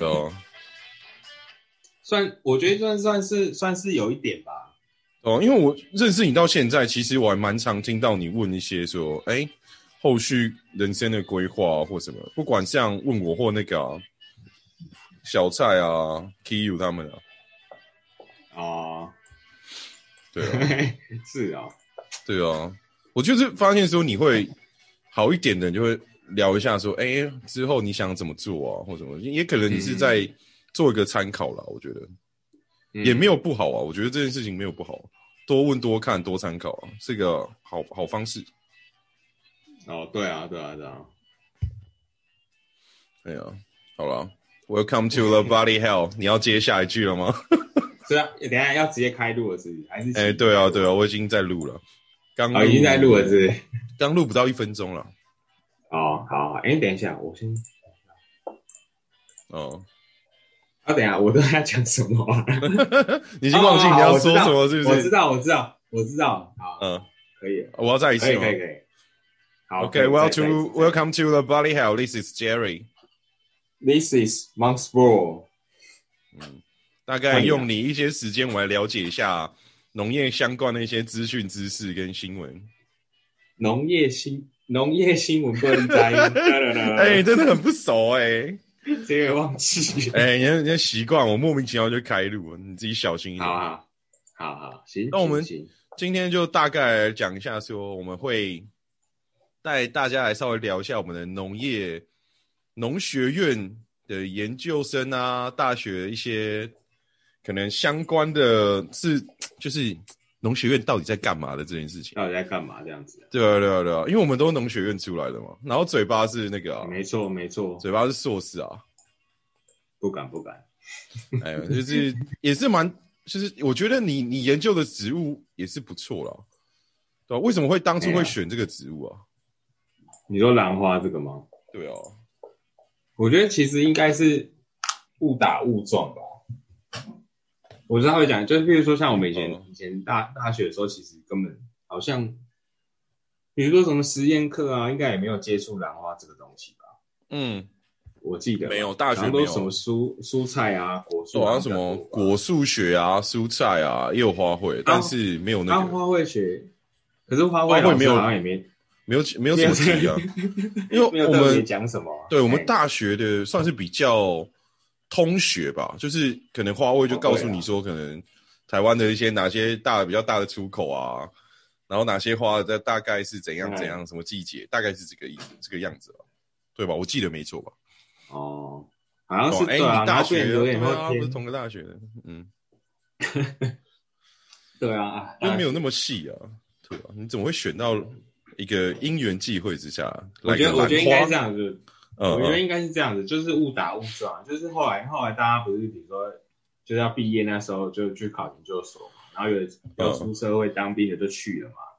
的、oh.。算，我覺得算算是算是有一點吧。哦、oh,，因為我認識你到現在，其實我還蠻常聽到你問一些說，哎、欸，後續人生的規劃或什麼，不管像問我或那個小蔡啊、啊、KU 他們啊，啊、oh.，對啊， 是啊、哦，對啊，我就是發現說你會好一點的，你就會。聊一下說，說、欸、哎，之後你想怎麼做啊，或什麼？也可能你是在做一個參考了、嗯，我覺得也沒有不好啊、嗯。我覺得這件事情沒有不好，多問多看多參考啊，是一個好好方式。哦，對啊，對啊，對啊。哎、欸、呀、啊，好了，Welcome to the Body Hell， 你要接下一句了嗎？是 啊，等一下要直接開錄了是是，是還是？哎、欸，對啊，對啊，我已經在錄了，剛已經在錄了，是，剛錄不到一分鐘了。哦，好，哎、欸，等一下，我先，哦，啊，等一下，我都在講什麼？ 你已經忘記、哦、你要說什麼、哦，是不是？我知道，我知道，我知道。好，嗯，可以，我要再一次嗎。嗎？OK，Welcome、okay, well、to, to, to the Body House. This is Jerry. This is Mouth Bro. 嗯，大概用你一些時間，我來了解一下農業相關的一些資訊、知識跟新聞。農業新。農業新聞不能摘，哎，真的很不熟、欸、 哎，這個忘記哎，人人家習慣，我莫名其妙就開路了，你自己小心一點。好好好好，行，那我們今天就大概講一下說，說我們會帶大家來稍微聊一下我們的農業農學院的研究生啊，大學一些可能相關的事就是。農學院到底在幹嘛的這件事情？到底在幹嘛這樣子啊？對啊，對啊，對啊，因為我們都是農學院出來的嘛，然後嘴巴是那個啊，沒錯，沒錯，嘴巴是碩士啊，不敢，不敢，哎呦，就是 也是蠻，就是我覺得你你研究的植物也是不錯了，對啊，為什麼會當初會選這個植物啊？你說蘭花這個嗎？對哦、啊，我覺得其實應該是誤打誤撞吧。我知道會講，就是譬如說像我們以前、嗯、以前大大學的時候，其實根本好像，比如說什麼實驗課啊，應該也沒有接觸蘭花這個東西吧？嗯，我記得沒有大學都什麼蔬蔬菜啊，果樹啊，哦、像什麼果樹學啊，蔬菜啊，也有花卉，但是沒有那個、啊啊、花卉學。可是花卉沒有好像也沒沒有沒有，沒有什麼題啊 因為我們講什麼？對、對、對我們大學的算是比較。通學吧，就是可能花威就告訴你說，可能台灣的一些哪些大的比較大的出口啊，然後哪些花在大概是怎樣怎樣，嗯、什麼季節大概是這個意思這個樣子，對吧？我記得沒錯吧？哦，好像是哎，欸、你大學，我不是同個大學的，嗯， 對啊，就沒有那麼細啊，對吧？你怎麼會選到一個因緣際會之下？我覺得來個蘭花我覺得應該這樣子。Oh, oh. 我覺得應該是這樣子，就是誤打誤撞，就是後來後來大家不是，比如說就是要畢業那時候就，就去考研究所嘛，然後有要出社會當兵的就去了嘛，oh.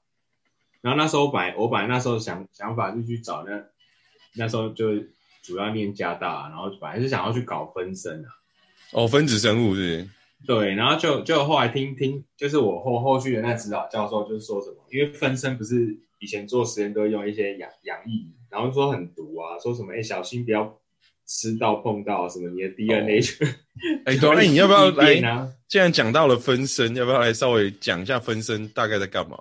然後那時候我本來我本來那時候想想法就去找那那時候就主要念加大，然後本來是想要去搞分生的，啊，哦，oh，分子生物是，是？對，然後就就後來聽聽，就是我後後續的那指導教授就說什麼，因為分生不是以前做實驗都用一些陽陽離然後說很毒啊，說什麼哎，小心不要吃到碰到，啊、什麼你的 DNA。哎，哦， 對，啊，那 你要不要來？既然講到了分身， 要不要來稍微講一下分身 大概在幹嘛？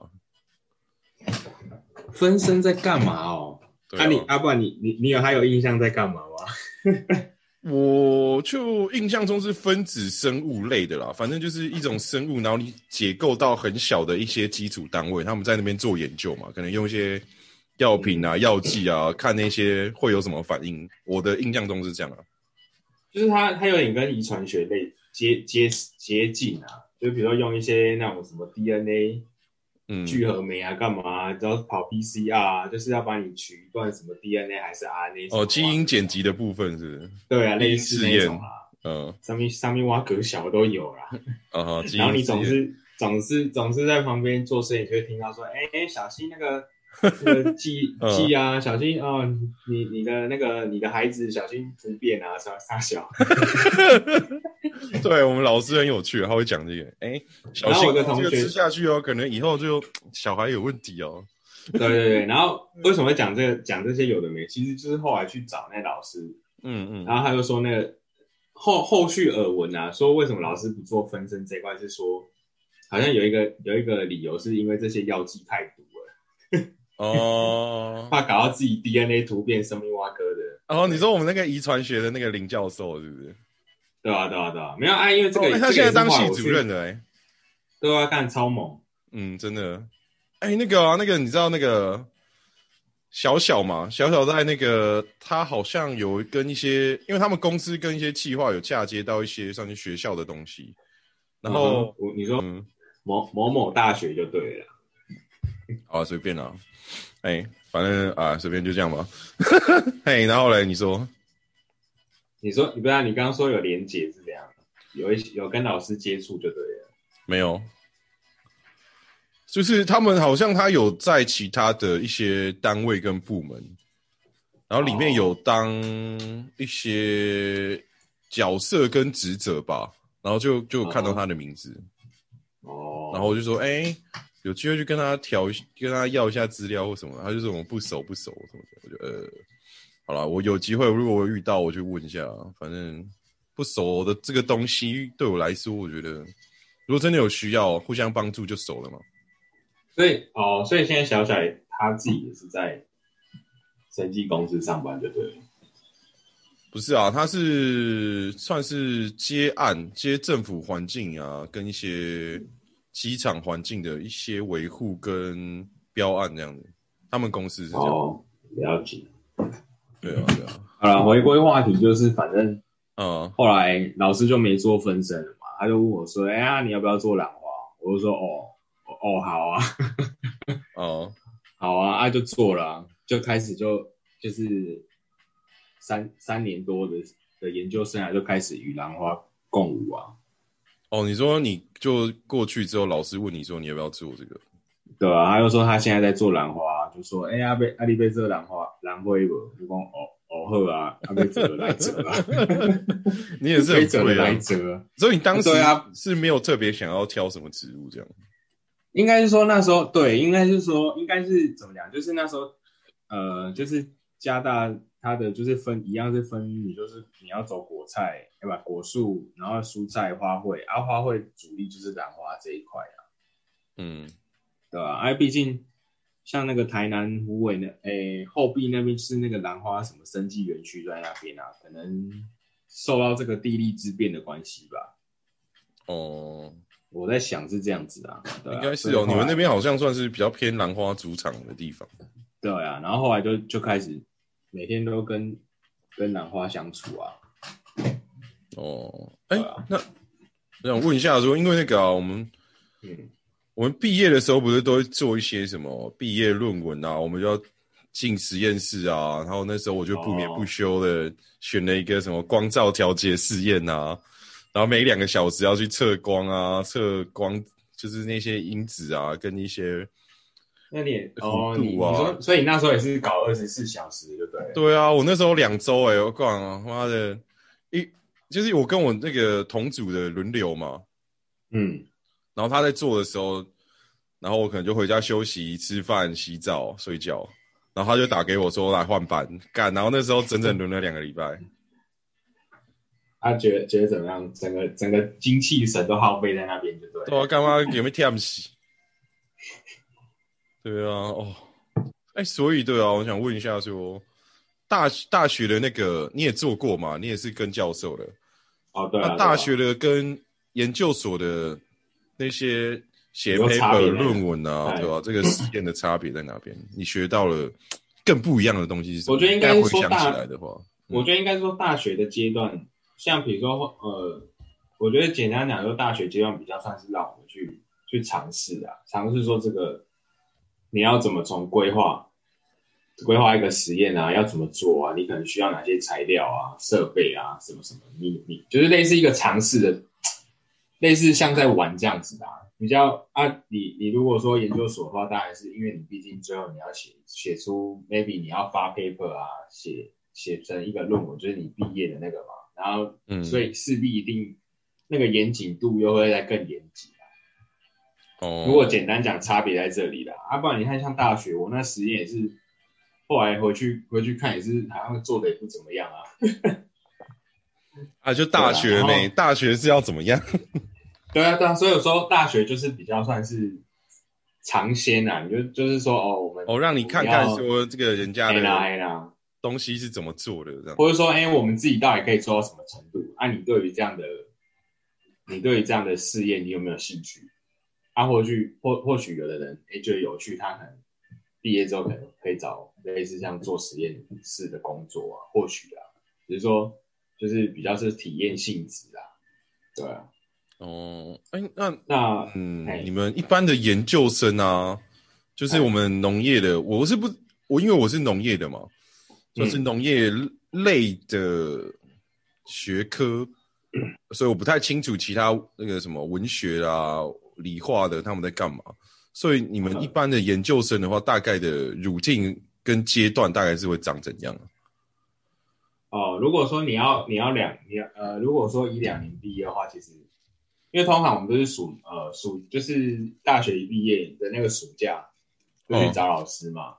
分身在幹嘛哦？那、 啊、你阿不然，啊，你你你有還有印象在幹嘛嗎？ 我就印象中是分子生物類的啦，反正就是一種生物，然後你解構到很小的一些基礎單位，他們在那邊做研究嘛，可能用一些。藥品啊，藥劑啊，看那些會有什麼反應。 我的印象中是這樣啊，就是它它有點跟遺傳學類接接接近啊，就比如說用一些那種什麼 DNA，嗯，聚合酶啊，幹、嗯、嘛，然後、啊、跑 PCR，、啊、就是要幫你取一段什麼 DNA 還是 RNA 哦，基因剪輯的部分是不是？對啊，類似實啊，嗯、呃，上面上面挖格小的都有啦，哦、 然後你總是總是總是在旁邊做生意，就會聽到說，哎、欸欸，小溪那個。 個記記啊、嗯，小心哦！你你的那個你的孩子小心不變啊，啥啥小。小 對，我們老師很有趣，他會講這個。哎、欸，小心有個同學吃下去哦，可能以後就小孩有問題哦。 對對對，然後為什麼會講這個講這些有的沒有？其實就是後來去找那老師，嗯嗯，然後他就說那個後後續耳聞啊，說為什麼老師不做分身這一塊？是說好像有一個有一個理由，是因為這些藥劑太毒了。 哦， 怕搞到自己 DNA 突變，生命挖哥的。哦、oh,，你說我們那個遺傳學的那個林教授，是不是？對啊，對啊，對啊，沒有啊、哎，因為這個、哦哎、他現在當，當系主任的，哎，都要幹超猛。嗯，真的。哎，那個啊，那個你知道那個小小嘛？小小在那個他好像有跟一些，因為他們公司跟一些企劃有嫁接到一些上去學校的東西。然後我你說、嗯、某某某大學就對了。 好啊，隨便啦、啊，哎、欸，反正啊，隨便就這樣吧。哎、 欸，然後嘞，你說，你說，你不知道，你剛剛說有連結是怎樣？有一有跟老師接觸就對了。沒有，就是他們好像他有在其他的一些單位跟部門，然後裡面有當一些角色跟職責吧，然後就就看到他的名字。哦、oh. oh.，然後我就說，哎、欸。有機會去跟他調，跟他要一下資料或什麼，他就是我們不熟不熟什麼的。我覺得呃，好了，我有機會，如果我遇到，我就問一下。反正不熟的這個東西對我來說，我覺得如果真的有需要，互相幫助就熟了嘛。所以，哦、呃，所以現在小小他自己也是在設計公司上班就對了。不是啊，他是算是接案、接政府環境啊，跟一些。機場環境的一些維護跟標案這樣的他們公司是哦，不要緊對啊對啊。對啊 好了，回歸話題，就是反正，嗯、oh.，後來老師就沒做分身了嘛，他就問我說：“哎呀，你要不要做蘭花？”我就說：“哦，哦，好啊，哦，好啊，那、 oh. 啊啊、就做了、啊，就開始就就是三三年多的的研究生啊，就開始與蘭花共舞啊。”哦，你說你就過去之後，老師問你說你要不要做這個，對啊？他又說他現在在做蘭花，就說哎呀被阿麗被這個蘭花蘭花蛾，不光咬咬喝啊，還被折來折了。 你也是被折來折， 所以你當時啊是沒有特別想要挑什麼植物這樣。啊啊、應該是說那時候對，應該是說應該是怎麼講？就是那時候呃，就是加大。它的就是分一樣是分，你就是你要走果菜、把果樹，然後蔬菜花卉，啊花卉主力就是蘭花這一塊啊，嗯，對啊，哎、啊，畢竟像那個台南蘆偉那，哎、欸、後壁那邊是那個蘭花什麼生技園區在那邊啊，可能受到這個地利之便的關係吧。哦，我在想是這樣子啊，啊應該是有、哦、你們那邊好像算是比較偏蘭花主場的地方。對啊，然後後來就就開始。每天都跟跟蘭花相處啊，哦，哎，欸啊，那我想問一下說，說因為那個，啊，我們，嗯，我們畢業的時候不是都會做一些什麼畢業論文啊，我們就要進實驗室啊，然後那時候我就不眠不休的選了一個什麼光照調節試驗啊，然後每兩個小時要去測光啊，測光就是那些因子啊，跟一些。那你弧度啊，你說、哦，所以你那時候也是搞二十四小時，對不對？對啊，我那時候兩周誒，我講啊，媽的，一就是我跟我那個同組的輪流嘛，嗯，然後他在做的時候，然後我可能就回家休息、吃飯、洗澡、睡覺，然後他就打給我，說來換班幹，然後那時候整整輪了兩個禮拜。他、嗯啊、覺得覺得怎麼樣？整個整個精氣神都耗費在那邊，就對。我幹嘛？有沒有天不洗？ 對啊，哦，哎，所以對啊，我想問一下說，說大大學的那個你也做過嘛？你也是跟教授的，哦，對、啊。那、啊啊、大學的跟研究所的那些寫 paper 論文啊，對吧、啊啊？這個實驗的差別在哪邊？你學到了更不一樣的東西是什麼？我覺得應該回想起來的話、嗯，我覺得應該說大學的階段，像比如說，呃，我覺得簡單講，說大學階段比較算是讓我們去去嘗試的、啊，嘗試說這個。你要怎麼從規劃規劃一個實驗啊？要怎麼做啊？你可能需要哪些材料啊、設備啊、什麼什麼秘密？你你就是類似一個嘗試的，類似像在玩這樣子的啊。比較啊，你你如果說研究所的話，當然是因為你畢竟最後你要寫寫出 maybe 你要發 paper 啊，寫寫成一個論文，就是你畢業的那個嘛。然後，所以勢必一定、嗯、那個嚴謹度又會再更嚴謹。如果簡單講，差別在這裡啦。啊，不然你看，像大學，我那實驗也是，後來回去回去看，也是好像做的也不怎麼樣啊。 啊，就大學呢？大學是要怎麼樣？ 對啊，對啊。所以說，大學就是比較算是嘗鮮吶，你就就是說，哦，我們哦，讓你看看說這個人家的啦東西是怎麼做的，或者說，哎、欸，我們自己到底可以做到什麼程度？啊，你對於這樣的，你對於這樣的實驗，你有沒有興趣？他、啊、或許或或許有的人哎、欸，就有趣。他可能畢業之後可能可以找類似像做實驗室的工作啊，或許啊，就是說就是比較是體驗性質啊，對啊，哦，哎，那那嗯，你們一般的研究生啊，就是我們農業的，我是不我因為我是農業的嘛，嗯、就是農業類的學科、嗯，所以我不太清楚其他那個什麼文學啊。理化的他們在幹嘛？所以你們一般的研究生的話，嗯、大概的 routine 跟階段大概是會長怎樣？哦、呃，如果說你要你要兩年，呃，如果說一兩年畢業的話，其實因為通常我們都是暑呃暑就是大學一畢業的那個暑假就去找老師嘛。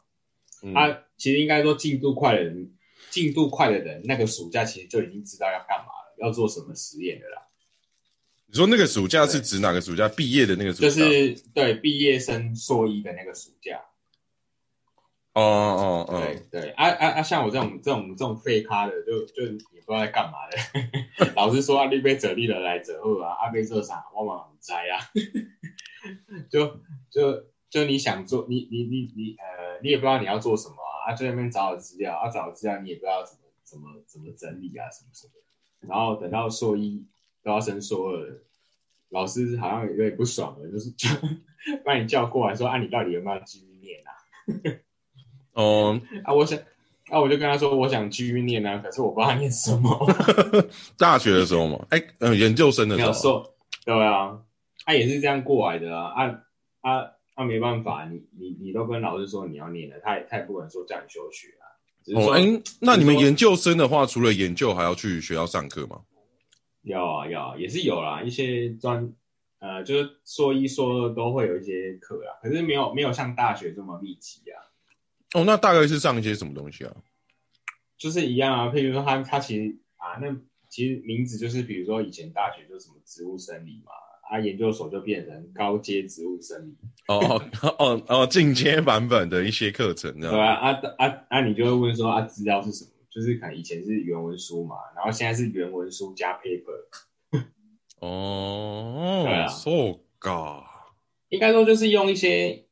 他、嗯啊、其實應該說進度快的人，進、嗯、度快的人那個暑假其實就已經知道要幹嘛了，要做什麼實驗的啦。你說那個暑假是指哪個暑假？畢業的那個暑假。就是對畢業生碩一的那個暑假。哦哦哦，對對，啊啊啊！像我這種這種這種廢咖的，就就也不知道在幹嘛的。 老實說，阿力被折立了，來折後啊，阿力了、啊啊、被做啥？我滿難猜啊。 就就就你想做，你你你你呃，你也不知道你要做什麼啊。啊，在那邊找找資料，啊找個資料，你也不知道怎麼怎麼怎麼整理啊，什麼什麼。然後等到碩一。高聲說了，老師好像有點不爽了，就是，就把你叫過來說：“啊，你到底有沒有繼續念啊？”哦、um,，啊，我想，啊，我就跟他說：“我想繼續念啊，可是我不知道念什麼。 ”大學的時候嘛，哎、 欸，嗯、呃，研究生的時候，對啊，他、啊、也是這樣過來的啊，啊啊，他、啊、沒辦法，你你你都跟老師說你要念了，他也他也不可能說叫你休學啊。哦、就是，哎、oh, 欸，那你們研究生的話、就是，除了研究還要去學校上課嗎？有啊，有啊，也是有啦，一些專，呃，就是說一說二都，都會有一些課啊，可是沒有沒有像大學這麼密集啊。哦，那大概是上一些什麼東西啊？就是一樣啊，譬如說他他其實啊，那其實名字就是比如說以前大學就是什麼植物生理嘛，啊，研究所就變成高階植物生理。哦 哦哦進階版本的一些課程，對啊啊啊，那、啊啊、你就會問說啊，知道是什麼？就是可能以前是原文書嘛，然後現在是原文書加 paper。哦、 嗯， 對啊，Oh、so、God！應該說就是用一些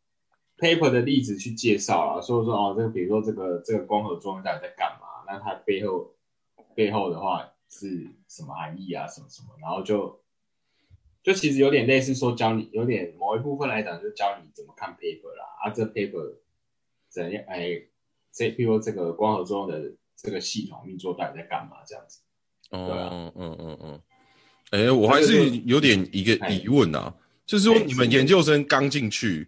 paper 的例子去介紹啦，所以說哦，這個比如說這個這個光合作用到底在幹嘛？那它背後背後的話是什麼含義啊？什麼什麼？然後就就其實有點類似說教你，有點某一部分來講就教你怎麼看 paper 啦。啊，這 paper 怎樣？哎，這比如說這個光合作用的。這個系統運作到底在幹嘛？這樣子，哦、oh, 啊，嗯嗯嗯，哎、嗯嗯，我還是有點一個疑問啊，就是說你們研究生剛進去，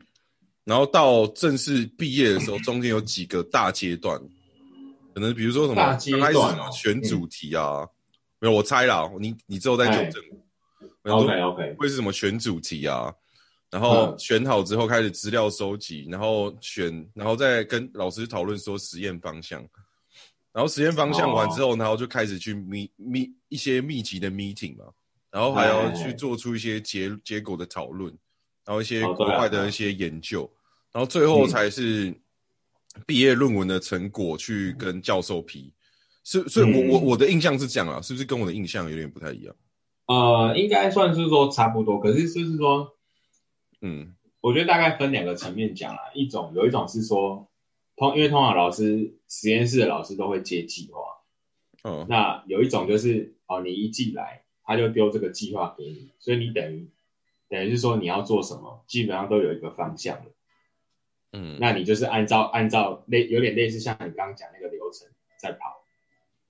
然後到正式畢業的時候，okay. 中間有幾個大階段，可能比如說什麼大階段、哦，選主題啊、嗯，沒有，我猜啦，你你之後再糾正。OK OK，會是什麼選主題啊？Okay, okay. 然後選好之後開始資料收集、嗯，然後選，然後再跟老師討論說實驗方向。然後實驗方向完之後，oh. 然後就開始去密密一些密集的 meeting 嘛，然後還要去做出一些結結果的討論，然後一些國外的一些研究、oh, 啊，然後最後才是畢業論文的成果去跟教授批。嗯、是，所以我我我的印象是這樣啊，是不是跟我的印象有點不太一樣？呃，應該算是說差不多，可是就是，是說，嗯，我覺得大概分兩個層面講啊，一種有一種是說。通因為通常老師實驗室的老師都會接計劃，嗯、oh.，那有一種就是哦，你一進來他就丟這個計劃給你，所以你等於等於是說你要做什麼，基本上都有一個方向了，嗯、mm.，那你就是按照按照類有點類似像你剛剛講那個流程在跑，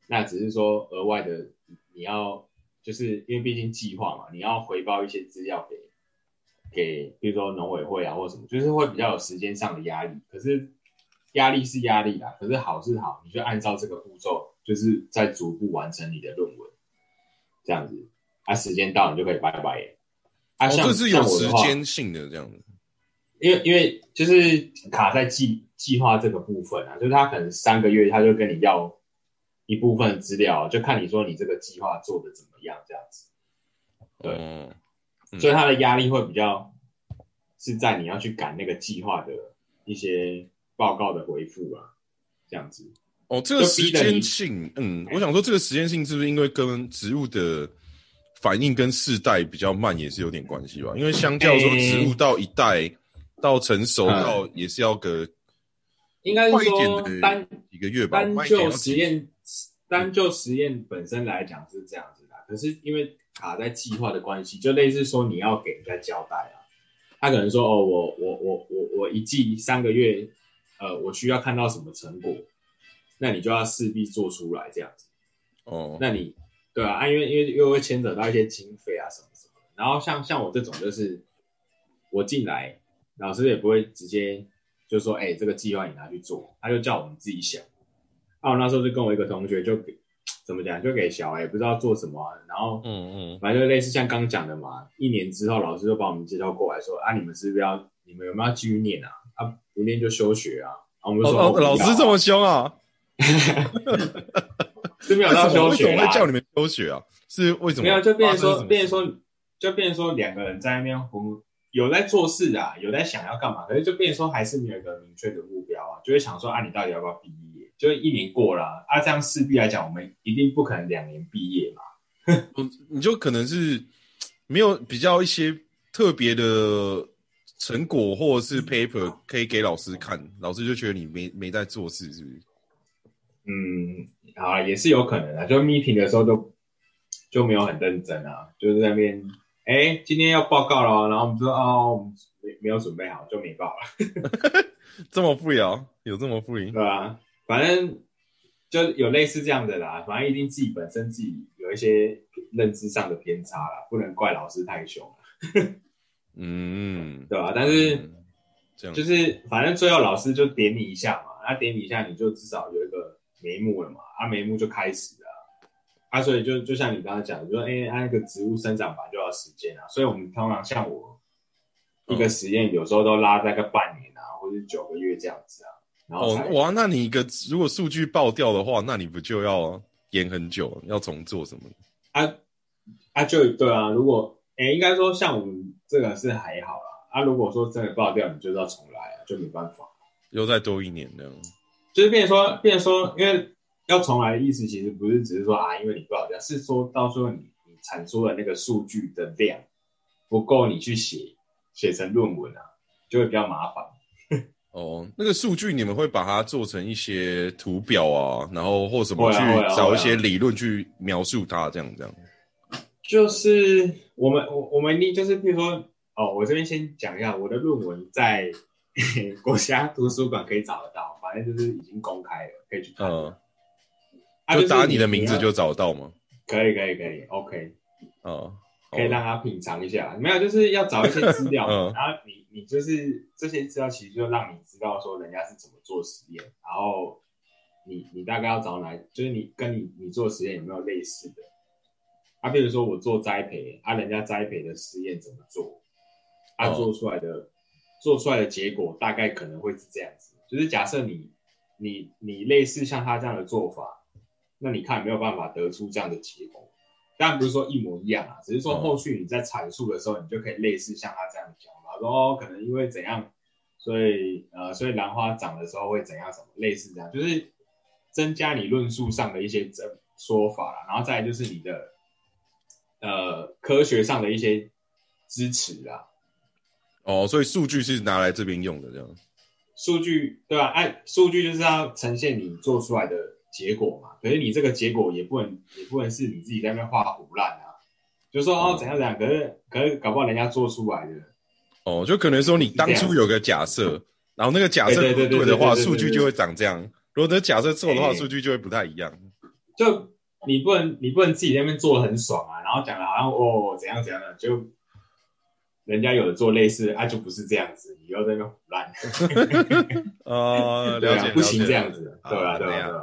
那只是說額外的你要就是因為畢竟計劃嘛，你要回報一些資料給給比如說農委會啊或什麼，就是會比較有時間上的壓力，可是。壓力是壓力啦、啊，可是好是好，你就按照這個步驟，就是在逐步完成你的論文，這樣子，啊，時間到你就可以拜拜。啊像、哦，這是有時間性的這樣子，像我的話，因為因為就是卡在計計劃這個部分啊，就是他可能三個月他就跟你要一部分資料，就看你說你這個計劃做的怎麼樣這樣子。對，嗯、所以他的壓力會比較是在你要去趕那個計劃的一些。報告的回復啊，這樣子哦。這個時間性，嗯，我想說這個時間性是不是因為跟植物的反應跟世代比較慢也是有點關係吧？因為相較說植物到一代到成熟到也是要個，應該是說單一個月吧。單，單就實驗，單就實驗本身來講是這樣子的，可是因為卡在計劃的關係，就類似說你要給人家交代啊，他可能說哦，我我我我我一季三個月。呃，我需要看到什麼成果，那你就要勢必做出來這樣子。哦、oh.，那你對啊，啊因為因為又會牽扯到一些經費啊，什麼什麼。然後像像我這種，就是我進來，老師也不會直接就說，哎、欸，這個計劃你拿去做，他就叫我們自己想。啊，我那時候就跟我一個同學就給，怎麼講就給小孩，也不知道做什麼、啊。然後嗯嗯，反正類似像剛講的嘛，一年之後老師就把我們介紹過來說，啊，你們是不是要，你們有沒有繼續念啊？明天就休學啊！啊我們說、啊、老師這麼凶啊？ 是沒有到休學啊？為為叫你們休學啊是為什麼、什麼？沒有，就變成說，變成說，就變成說，兩個人在那邊有在做事啊，有在想要幹嘛，可是就變成說還是沒有一個明確的目標啊，就會想說啊，你到底要不要畢業？就一年過了啊，這樣勢必來講，我們一定不可能兩年畢業嘛。 你就可能是沒有比較一些特別的。成果或者是 paper 可以給老師看，老師就覺得你沒沒在做事，是不是？嗯，好啊，也是有可能的，啊，就 meeting 的時候就沒有很認真啊，就是那邊，哎，欸，今天要報告了，然後我們說哦，沒沒有準備好，就沒報了。 這麼 free，啊，有這麼 free？對啊，反正就有類似這樣的啦，反正一定自己本身自己有一些認知上的偏差啦，不能怪老師太凶了，啊。 嗯，對吧、啊？但是，就是反正最後老師就點你一下嘛，他、嗯啊、點你一下，你就至少有一個眉目了嘛，啊，眉目就開始了啊。啊所以就就像你剛剛講的、就是，說、欸、哎，啊，那個植物生長法就要時間啊，所以我們通常像我一個實驗有時候都拉大概半年啊，嗯、或者九個月這樣子啊然後，哦，哇，那你一個如果數據爆掉的話，那你不就要延很久，要重做什麼？啊啊就，就對啊，如果哎、欸，應該說像我們。這個是還好啦啊，啊如果說真的爆掉，你就是要重來啊，就沒辦法啊，又再多一年那樣。就是變成說，變成說，因為要重來的意思其實不是只是說啊，因為你爆掉，是說到時候你你產出的那個數據的量不夠，你去寫寫成論文啊，就會比較麻煩。 哦，那個數據你們會把它做成一些圖表啊，然後或什麼去找一些理論去描述它，這樣這樣。就是我們我我們你就是比如說哦，我這邊先講一下，我的論文在呵呵國家圖書館可以找得到，反正就是已經公開了，可以去找嗯、啊，就打你的名字就找到嗎？啊就是、可以可以可以，OK，啊、嗯，可以讓他品嘗一下。沒有，就是要找一些資料，呵呵然後你你就是這些資料其實就讓你知道說人家是怎麼做實驗，然後你你大概要找哪，就是你跟你你做實驗有沒有類似的？啊，比如說我做栽培啊，人家栽培的實驗怎麼做？啊，做出來的、oh. 做出來的結果大概可能會是這樣子，就是假設你你你類似像他這樣的做法，那你看沒有辦法得出這樣的結果。當然不是說一模一樣啊，只是說後續你在闡述的時候，oh. 你就可以類似像他這樣講嘛，然後說哦，可能因為怎樣，所以呃，所以蘭花長的時候會怎樣什麼類似這樣，就是增加你論述上的一些這說法、啊、然後再來就是你的。呃，科學上的一些支持啊，哦，所以數據是拿來這邊用的這樣，數據對吧、啊？哎、啊，數據就是要呈現你做出來的結果嘛。可是你這個結果也不能，也不能是你自己在那邊畫虎爛啊，就說哦、嗯、怎樣怎樣。可是可是搞不好人家做出來的，哦，就可能說你當初有個假設， 然後那個假設不對的話，數、欸、據就會長這樣。如果這假設錯的話，數、欸、據就會不太一樣。就。你不能，你不能自己在那邊做得很爽啊，然後講了好像哦怎樣怎樣的，就人家有的做類似啊，就不是這樣子，你又在那胡亂。 呃了解、， 啊、了，解了解，不行這樣子，對啊，對啊，對啊。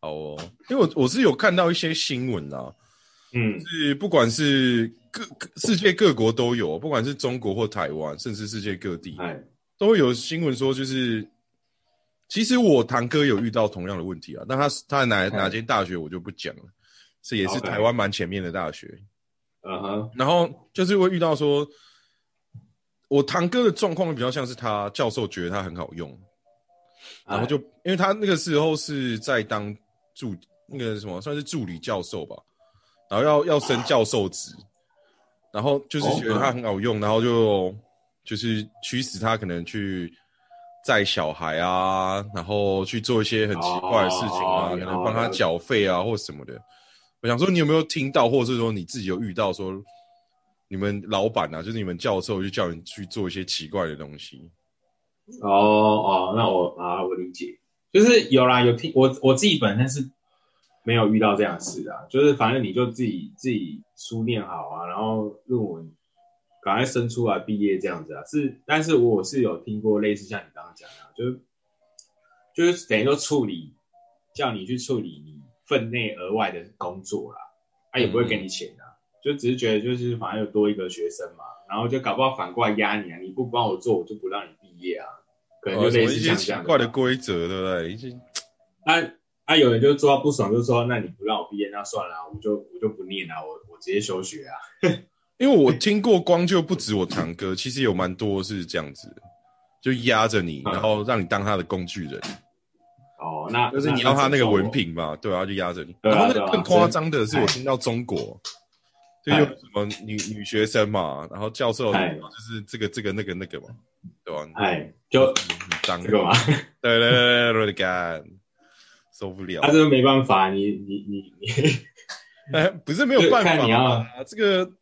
好哦，因為我我是有看到一些新聞啊，嗯， 是不管是各世界各國都有，不管是中國或台灣，甚至世界各地，哎、都有新聞說就是。其實我堂哥有遇到同樣的問題啊，那他是他哪哪間大學我就不講了，這也是台灣蠻前面的大學，okay. uh -huh. 然後就是會遇到說，我堂哥的狀況比較像是他教授覺得他很好用，然後就、uh -huh. 因為他那個時候是在當助那個什麼算是助理教授吧，然後要要升教授職，uh -huh. 然後就是覺得他很好用，然後就就是驅使他可能去。載小孩啊，然後去做一些很奇怪的事情啊，可、oh, 能幫他繳費啊或什麼的。我想說，你有沒有聽到，或者是說你自己有遇到說，你們老闆啊，就是你們教授，就叫你去做一些奇怪的東西？哦哦，那我啊，我理解，就是有啦，有聽我我自己本身是沒有遇到這樣事啊，就是反正你就自己自己書念好啊，然後論文。趕快生出來畢業這樣子啊，是，但是我是有聽過類似像你剛剛講的、啊，就是就是等於說處理叫你去處理你分內額外的工作啦、啊，他、啊、也不會給你錢的、啊嗯，就只是覺得就是反正有多一個學生嘛，然後就搞不好反過來壓你啊，你不幫我做，我就不讓你畢業啊，可能就類似像這樣、啊哦、一些奇怪的規則，對不對？一些，那、啊、那、啊、有人就做到不爽，就說那你不讓我畢業，那算了、啊，我就我就不念了、啊，我我直接休學啊。 因為我聽過光就不止我堂哥，其實有蠻多是這樣子，就壓着你，然後讓你當他的工具人。嗯、哦，那就是你要他那個文憑嘛文，對啊，就壓着你、啊啊。然後那個更誇張的是，我聽到中國就、啊啊啊嗯、有什麼女女學生嘛，然後教授就是這個這個那個那個嘛，對吧、啊？哎，就很髒、就是這個，對對對，我的天 受不了，了。他、啊、是沒辦法，你你你你，哎、欸，不是沒有辦法、啊，看你要這個。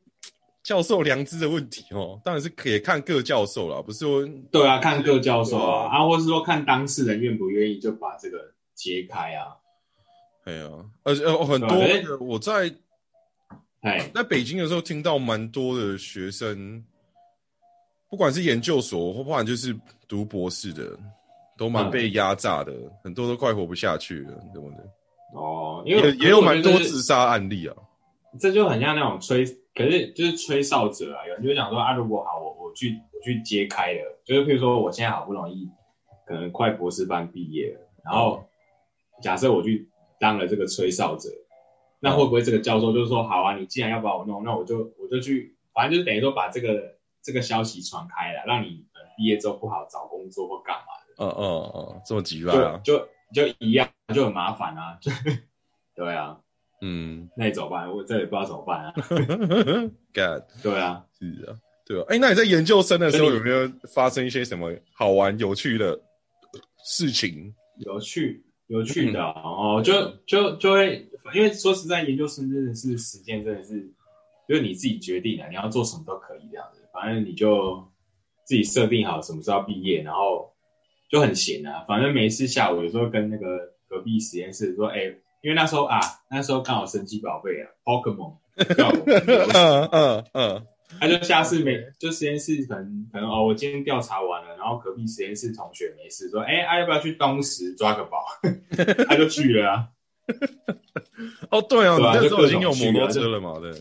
教授良知的問題哦，當然是可以看各教授啦，不是說對啊，看各教授啊，啊，啊，或是說看當事人願不願意就把這個揭開啊。哎呀、啊，而且有、呃、很多的我在在、呃、在北京的時候聽到蠻多的學生，不管是研究所或不然就是讀博士的，都蠻被壓榨的、嗯，很多都快活不下去了，對不對？。哦，因為也、就是、也有蠻多自殺案例啊。這就很像那種吹。可是就是吹哨者啊，有人就講說啊，如果好，我我去我去揭開了，就是譬如說我現在好不容易可能快博士班畢業了，然後假設我去當了這個吹哨者，那會不會這個教授就是說、哦、好啊，你既然要把我弄，那我就我就去，反正就等於說把這個這個消息傳開了，讓你畢業之後不好找工作或幹嘛的。嗯嗯嗯，這麼急、啊、對啊？就就就一樣就很麻煩啊，對對啊。嗯，那你怎麼辦？我這也不知道怎麼辦啊。 God，對啊，是啊，對啊。哎，那你在研究生的時候有沒有發生一些什麼好玩、有趣的事情？有趣有趣的哦，嗯、就就就會，因為說實在，研究生真的是時間真的是，就是你自己決定的，啊，你要做什麼都可以這樣子。反正你就自己設定好什麼時候畢業，然後就很閒啊，反正沒事。下午有時候跟那個隔壁實驗室說，哎。因為那時候啊，那時候剛好神奇寶貝啊，Pokemon，嗯嗯 嗯，他、嗯嗯啊、就下次沒就實驗室可能可能哦，我今天調查完了，然後隔壁實驗室同學沒事說，哎、啊，要不要去東石抓個寶？他、 啊、就去了、啊。哦 對哦，那時候已經有摩托，摩托車了嘛，對。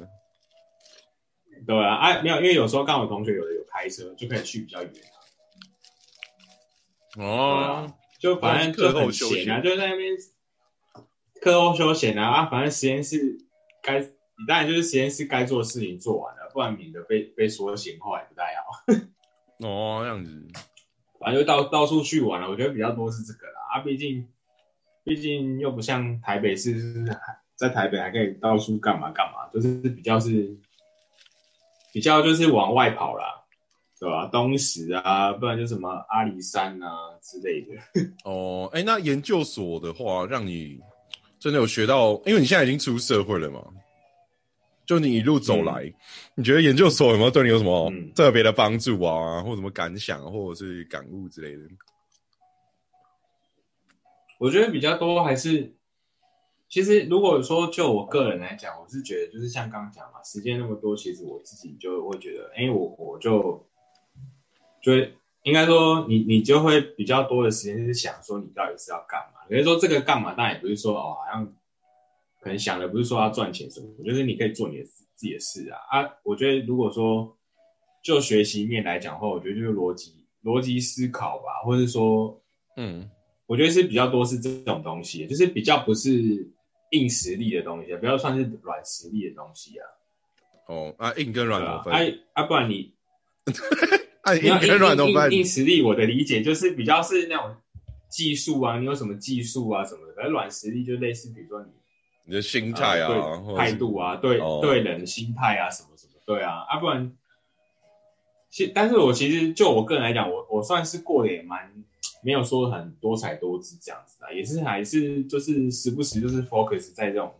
對啊，哎、啊，沒有，因為有時候剛好同學有的有開車，就可以去比較遠啊。哦，啊、就反正就很閒啊，哦、就在那邊。課後休閒啊，啊，反正實驗室該，當然就是實驗室該做的事情做完了，不然免得被被說閒話也不太好。 哦，這樣子，反正就到到處去玩了，我覺得比較多是這個啦。啊，畢竟，畢竟又不像台北市，在台北還可以到處幹嘛幹嘛，就是比較是，比較就是往外跑啦，對吧、啊？東石啊，不然就什麼阿里山啊之類的。 哦，哎、欸，那研究所的話，讓你。真的有學到，因為你現在已經出社會了嘛，就你一路走來，嗯、你覺得研究所有沒有對你有什麼特別的幫助啊、嗯，或什麼感想，或者是感悟之類的？我覺得比較多還是，其實如果說就我個人來講，我是覺得就是像剛剛講嘛，時間那麼多，其實我自己就會覺得，哎、欸，我我就就會。應該說你，你你就會比較多的時間是想說，你到底是要幹嘛？比如說這個幹嘛，但也不是說哦，好像可能想的不是說要賺錢什麼，我覺得你可以做你的自己的事啊。啊，我覺得如果說就學習面來講的話，我覺得就是邏輯邏輯思考吧，或者說，嗯，我覺得是比較多是這種東西，就是比較不是硬實力的東西，比較算是軟實力的東西啊。哦，啊，硬跟軟的分。哎、啊，啊，啊不然你。 你要硬硬硬，硬實力，我的理解就是比較是那種技術啊，你有什麼技術啊什麼的。可是軟實力就類似，比如說你你的心態啊、啊對態度啊，對、哦、對人的心態啊什麼什麼。對啊，啊不然，其但是我其實就我個人來講，我我算是過得也蠻沒有說很多彩多姿這樣子啊，也是還是就是時不時就是 focus 在這種，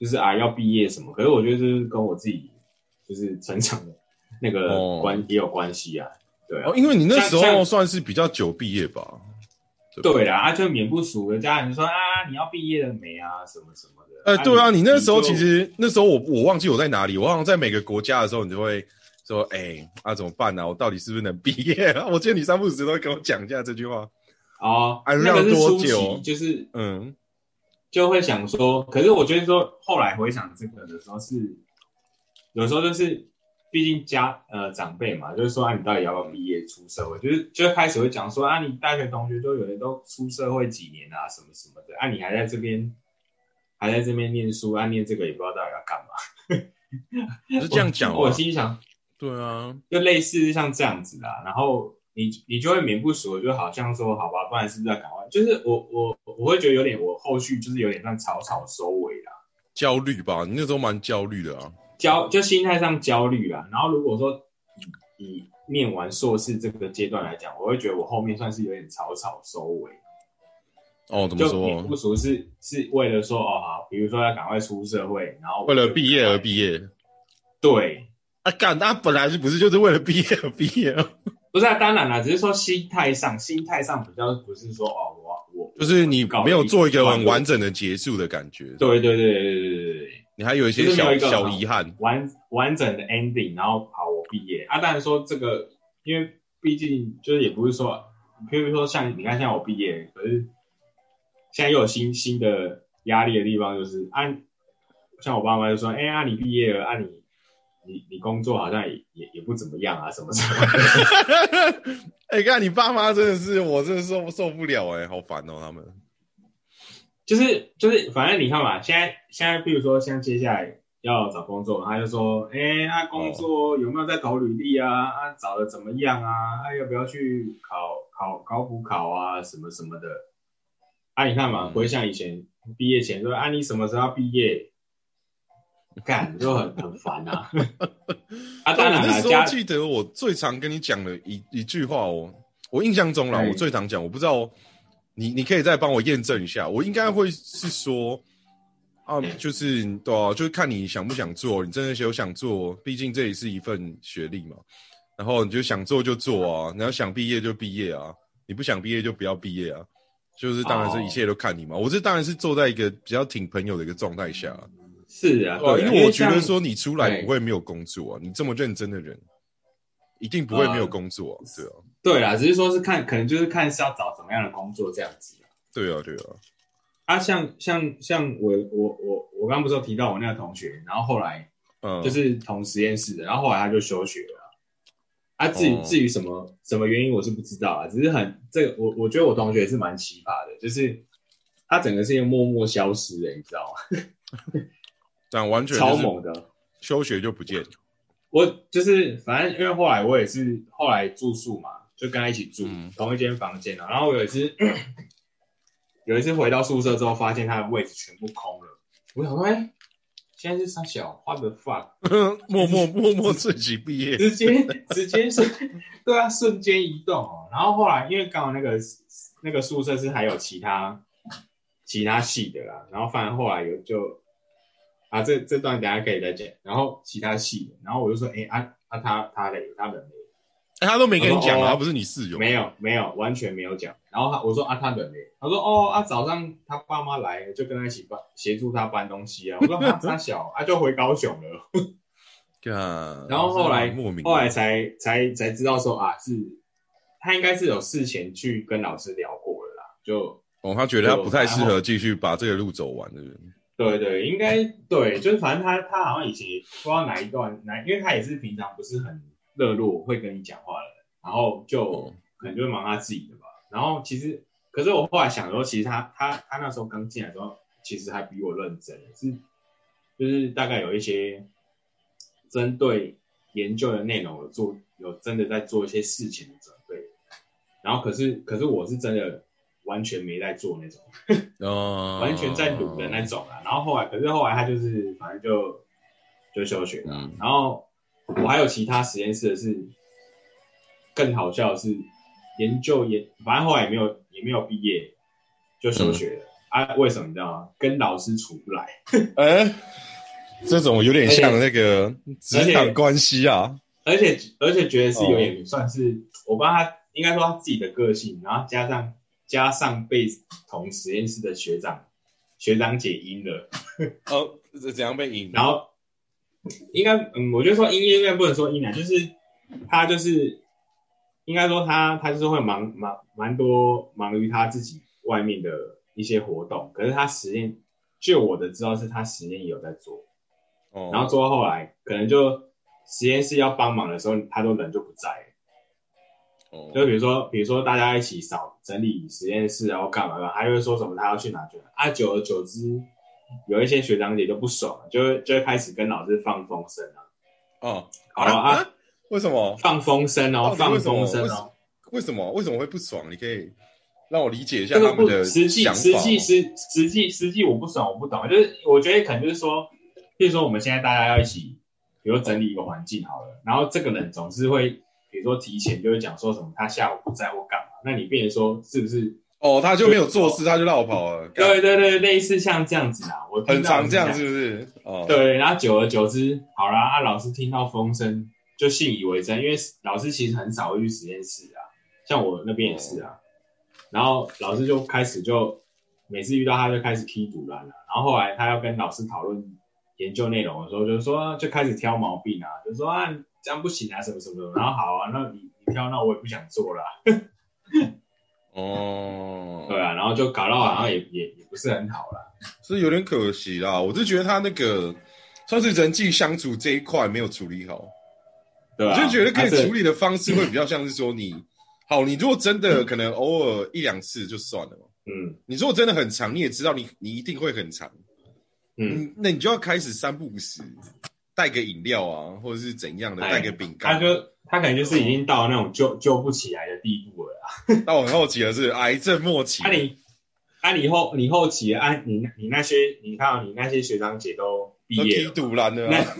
就是啊要畢業什麼。可是我覺得就是跟我自己就是成長的。那個關係也有關係啊、哦，對啊，因為你那時候算是比較久畢業吧，吧，對啦啊，就免不熟，家人說啊，你要畢業了沒啊，什麼什麼的，呃、欸啊，對啊，你那時候其實那時候我我忘記我在哪裡，我好像在每個國家的時候，你就會說，哎、欸、啊怎麼辦啊，我到底是不是能畢業？ 我記得你三不五時都會跟我講一下這句話，哦，那個是多久？就是嗯，就會想說，可是我覺得說後來回想這個的時候是，是有的時候就是。畢竟家呃長輩嘛，就是說啊，你到底要不要畢業出社會？就是就開始會講說啊，你大學同學都有人都出社會幾年啊，什麼什麼的，啊你還在這邊還在這邊念書啊，念這個也不知道到底要幹嘛， 是這樣講，啊我。我心想，對啊，就類似像這樣子啦，啊。然後你你就會免不熟，就好像說好吧，不然是不是要趕快？就是我我我會覺得有點，我後續就是有點像草草收尾啦，啊。焦慮吧，你那時候蠻焦慮的啊。焦就心態上焦慮啊。然後如果說以以念完碩士這個階段來講，我會覺得我後面算是有點草草收尾。哦，怎麼說？不熟是是為了說哦好，比如說要趕快出社會，然後為了畢業而畢業。對啊，幹，他、啊、本來是不是就是為了畢業而畢業而？不是、啊，當然了，只是說心態上，心態上比較不是說哦，我我就是你沒有做一個很完整的結束的感覺。對對對對對對對。你還有一些小，就是、一小遺憾，完完整的 ending，然後好我畢業。啊，當然說這個，因為畢竟就是也不是說，比如說像你看，像我畢業，可是現在又有新新的壓力的地方就是，啊，像我爸媽就說，哎，欸、呀，啊，你畢業了，啊你你你工作好像也也，也不怎麼樣啊，什麼什麼。哎， 欸，看你爸媽真的是，我真的受受不了，欸，哎，好煩哦，他們。就是就是，就是，反正你看嘛，現在現在，比如說，像接下來要找工作，他就說，哎、欸，啊，工作有沒有在搞履歷啊？Oh. 啊，找的怎麼樣啊？啊，要不要去考考高普考啊？什麼什麼的？啊，你看嘛，不會像以前畢業前，mm -hmm. 說，啊，你什麼時候要畢業？幹就很 很煩煩啊。 啊，當然我記得我最常跟你講的一一句話哦，我印象中了，我最常講，我不知道。你你可以再幫我驗證一下，我應該會是說、嗯就是、啊，就是對，就是看你想不想做，你真的是有想做，畢竟這也是一份學歷嘛。然後你就想做就做啊，你要想畢業就畢業啊，你不想畢業就不要畢業啊。就是當然是一切都看你嘛，oh. 我這當然是坐在一個比較挺朋友的一個狀態下，是啊，因為我覺得說你出來不會沒有工作啊，你這麼認真的人，一定不會沒有工作、啊，uh. 對啊。對啦，只是說是看，可能就是看是要找什麼樣的工作這樣子。對啊，對啊。啊，像像像我我我我剛，剛不是說提到我那個同學，然後後來就是同實驗室的，嗯、然後後來他就休學了。啊，至於至於什麼、嗯、什麼原因，我是不知道啊。只是很這個，我我覺得我同學也是蠻奇葩的，就是他整個是一個默默消失的，你知道嗎？這 樣完全超猛的，休學就不見。我，我就是反正因為後來我也是後來住宿嘛。就跟他一起住同一間房間了，嗯。然後我有一次， 有一次回到宿舍之後，發現他的位置全部空了。我想說，哎，現在是三小，What the fuck 默默默默自己畢業，直接直接是，接 對啊，瞬間移動哦。然後後來，因為剛好那個那個宿舍是還有其他其他系的啦。然後反正後來有就啊，這這段等下可以再講。然後其他系的，然後我就說，哎，啊啊他他嘞，他沒。他累他累他都沒跟你講啊，哦、不是你室友？沒有，沒有，完全沒有講。然後他我說啊，他冷。麼他說哦啊，早上他爸媽來了，就跟他一起搬，協助他搬東西啊。我說他 他小啊，就回高雄了。對 啊。然後後來，莫名後來才才才，才知道說啊，是他應該是有事前去跟老師聊過了啦。就哦，他覺得他不太適合繼續把這個路走完的人。對對，應該對，就是、反正他他好像以前不知道哪一段哪，因為他也是平常不是很。樂樂會跟你講話的，然後就、oh. 可能就會忙他自己的吧。然後其實，可是我後來想說，其實他他他那時候剛進來的時候，其實還比我認真，是就是大概有一些針對研究的內容有做，有真的在做一些事情的準備。然後可是可是我是真的完全沒在做那種，oh. 完全在努的那種啊。然後後來可是後來他就是反正就就休學了，oh. 然後。我還有其他實驗室的是更好笑的是研究研，反正後來也沒有也沒有畢業就休學了、嗯、啊？為什麼你知道嗎？跟老師處不來。哎、欸、 這種有點像那個職場關係啊。而且而且，而且覺得是有點算是、哦、我幫他，應該說他自己的個性，然後加上加上被同實驗室的學長學長姐陰了。 哦，怎樣被陰？然後。應該，嗯，我覺得說音樂應該不能說音樂，就是他就是應該說他他就是會忙忙蠻多，忙於他自己外面的一些活動。可是他實驗，就我的知道是，他實驗也有在做、嗯。然後做到後來，可能就實驗室要幫忙的時候，他都人就不在。就比如說比如說大家一起掃整理實驗室然後幹嘛幹嘛，還又說什麼他要去哪去了啊久了，久而久之。有一些學長姐就不爽，就會就會開始跟老師放風聲啊。哦，好啊，啊，為什麼放風聲哦，哦？放風聲、哦，為什麼？為什麼會不爽？你可以讓我理解一下他們的想法、這個、實際實際實實際實際我不爽，我不懂，就是我覺得可能就是說，比如說我們現在大家要一起，比如整理一個環境好了，然後這個人總是會，比如說提前就會講說什麼，他下午不在我幹嘛，那你變成說是不是？哦，他就沒有做事，就他就落跑了。對對對，類似像這樣子啊，我很常這樣是不是？哦，對，然後久而久之，好啦，啊，老師聽到風聲就信以為真，因為老師其實很少會去實驗室啊，像我那邊也是啊、哦。然後老師就開始就每次遇到他就開始批鬥了呢、啊。然後後來他要跟老師討論研究內容的時候，就是說就開始挑毛病啊，就說啊這樣不行啊什麼什麼的。然後好啊，那你你挑，那我也不想做了。 哦、oh，，對啊，然後就搞到好像、啊、也也，也不是很好了，所以有點可惜啦。我就覺得他那個算是人際相處這一塊沒有處理好，對啊，我就覺得可以處理的方式會比較像是說你是好，你如果真的 可能偶爾一兩次就算了嘛，嗯，你如果真的很長，你也知道你你一定會很長，嗯，那你就要開始三不五時帶個飲料啊，或者是怎樣的，帶個餅乾、哎。他就他可能就是已經到那種救救不起來的地步了啊。那、哦、我很好奇的是，是，癌症末期。那、啊、你，那、啊、你後你後期啊你，你你那些，你看到你那些學長姐都畢業了。都批讀、啊、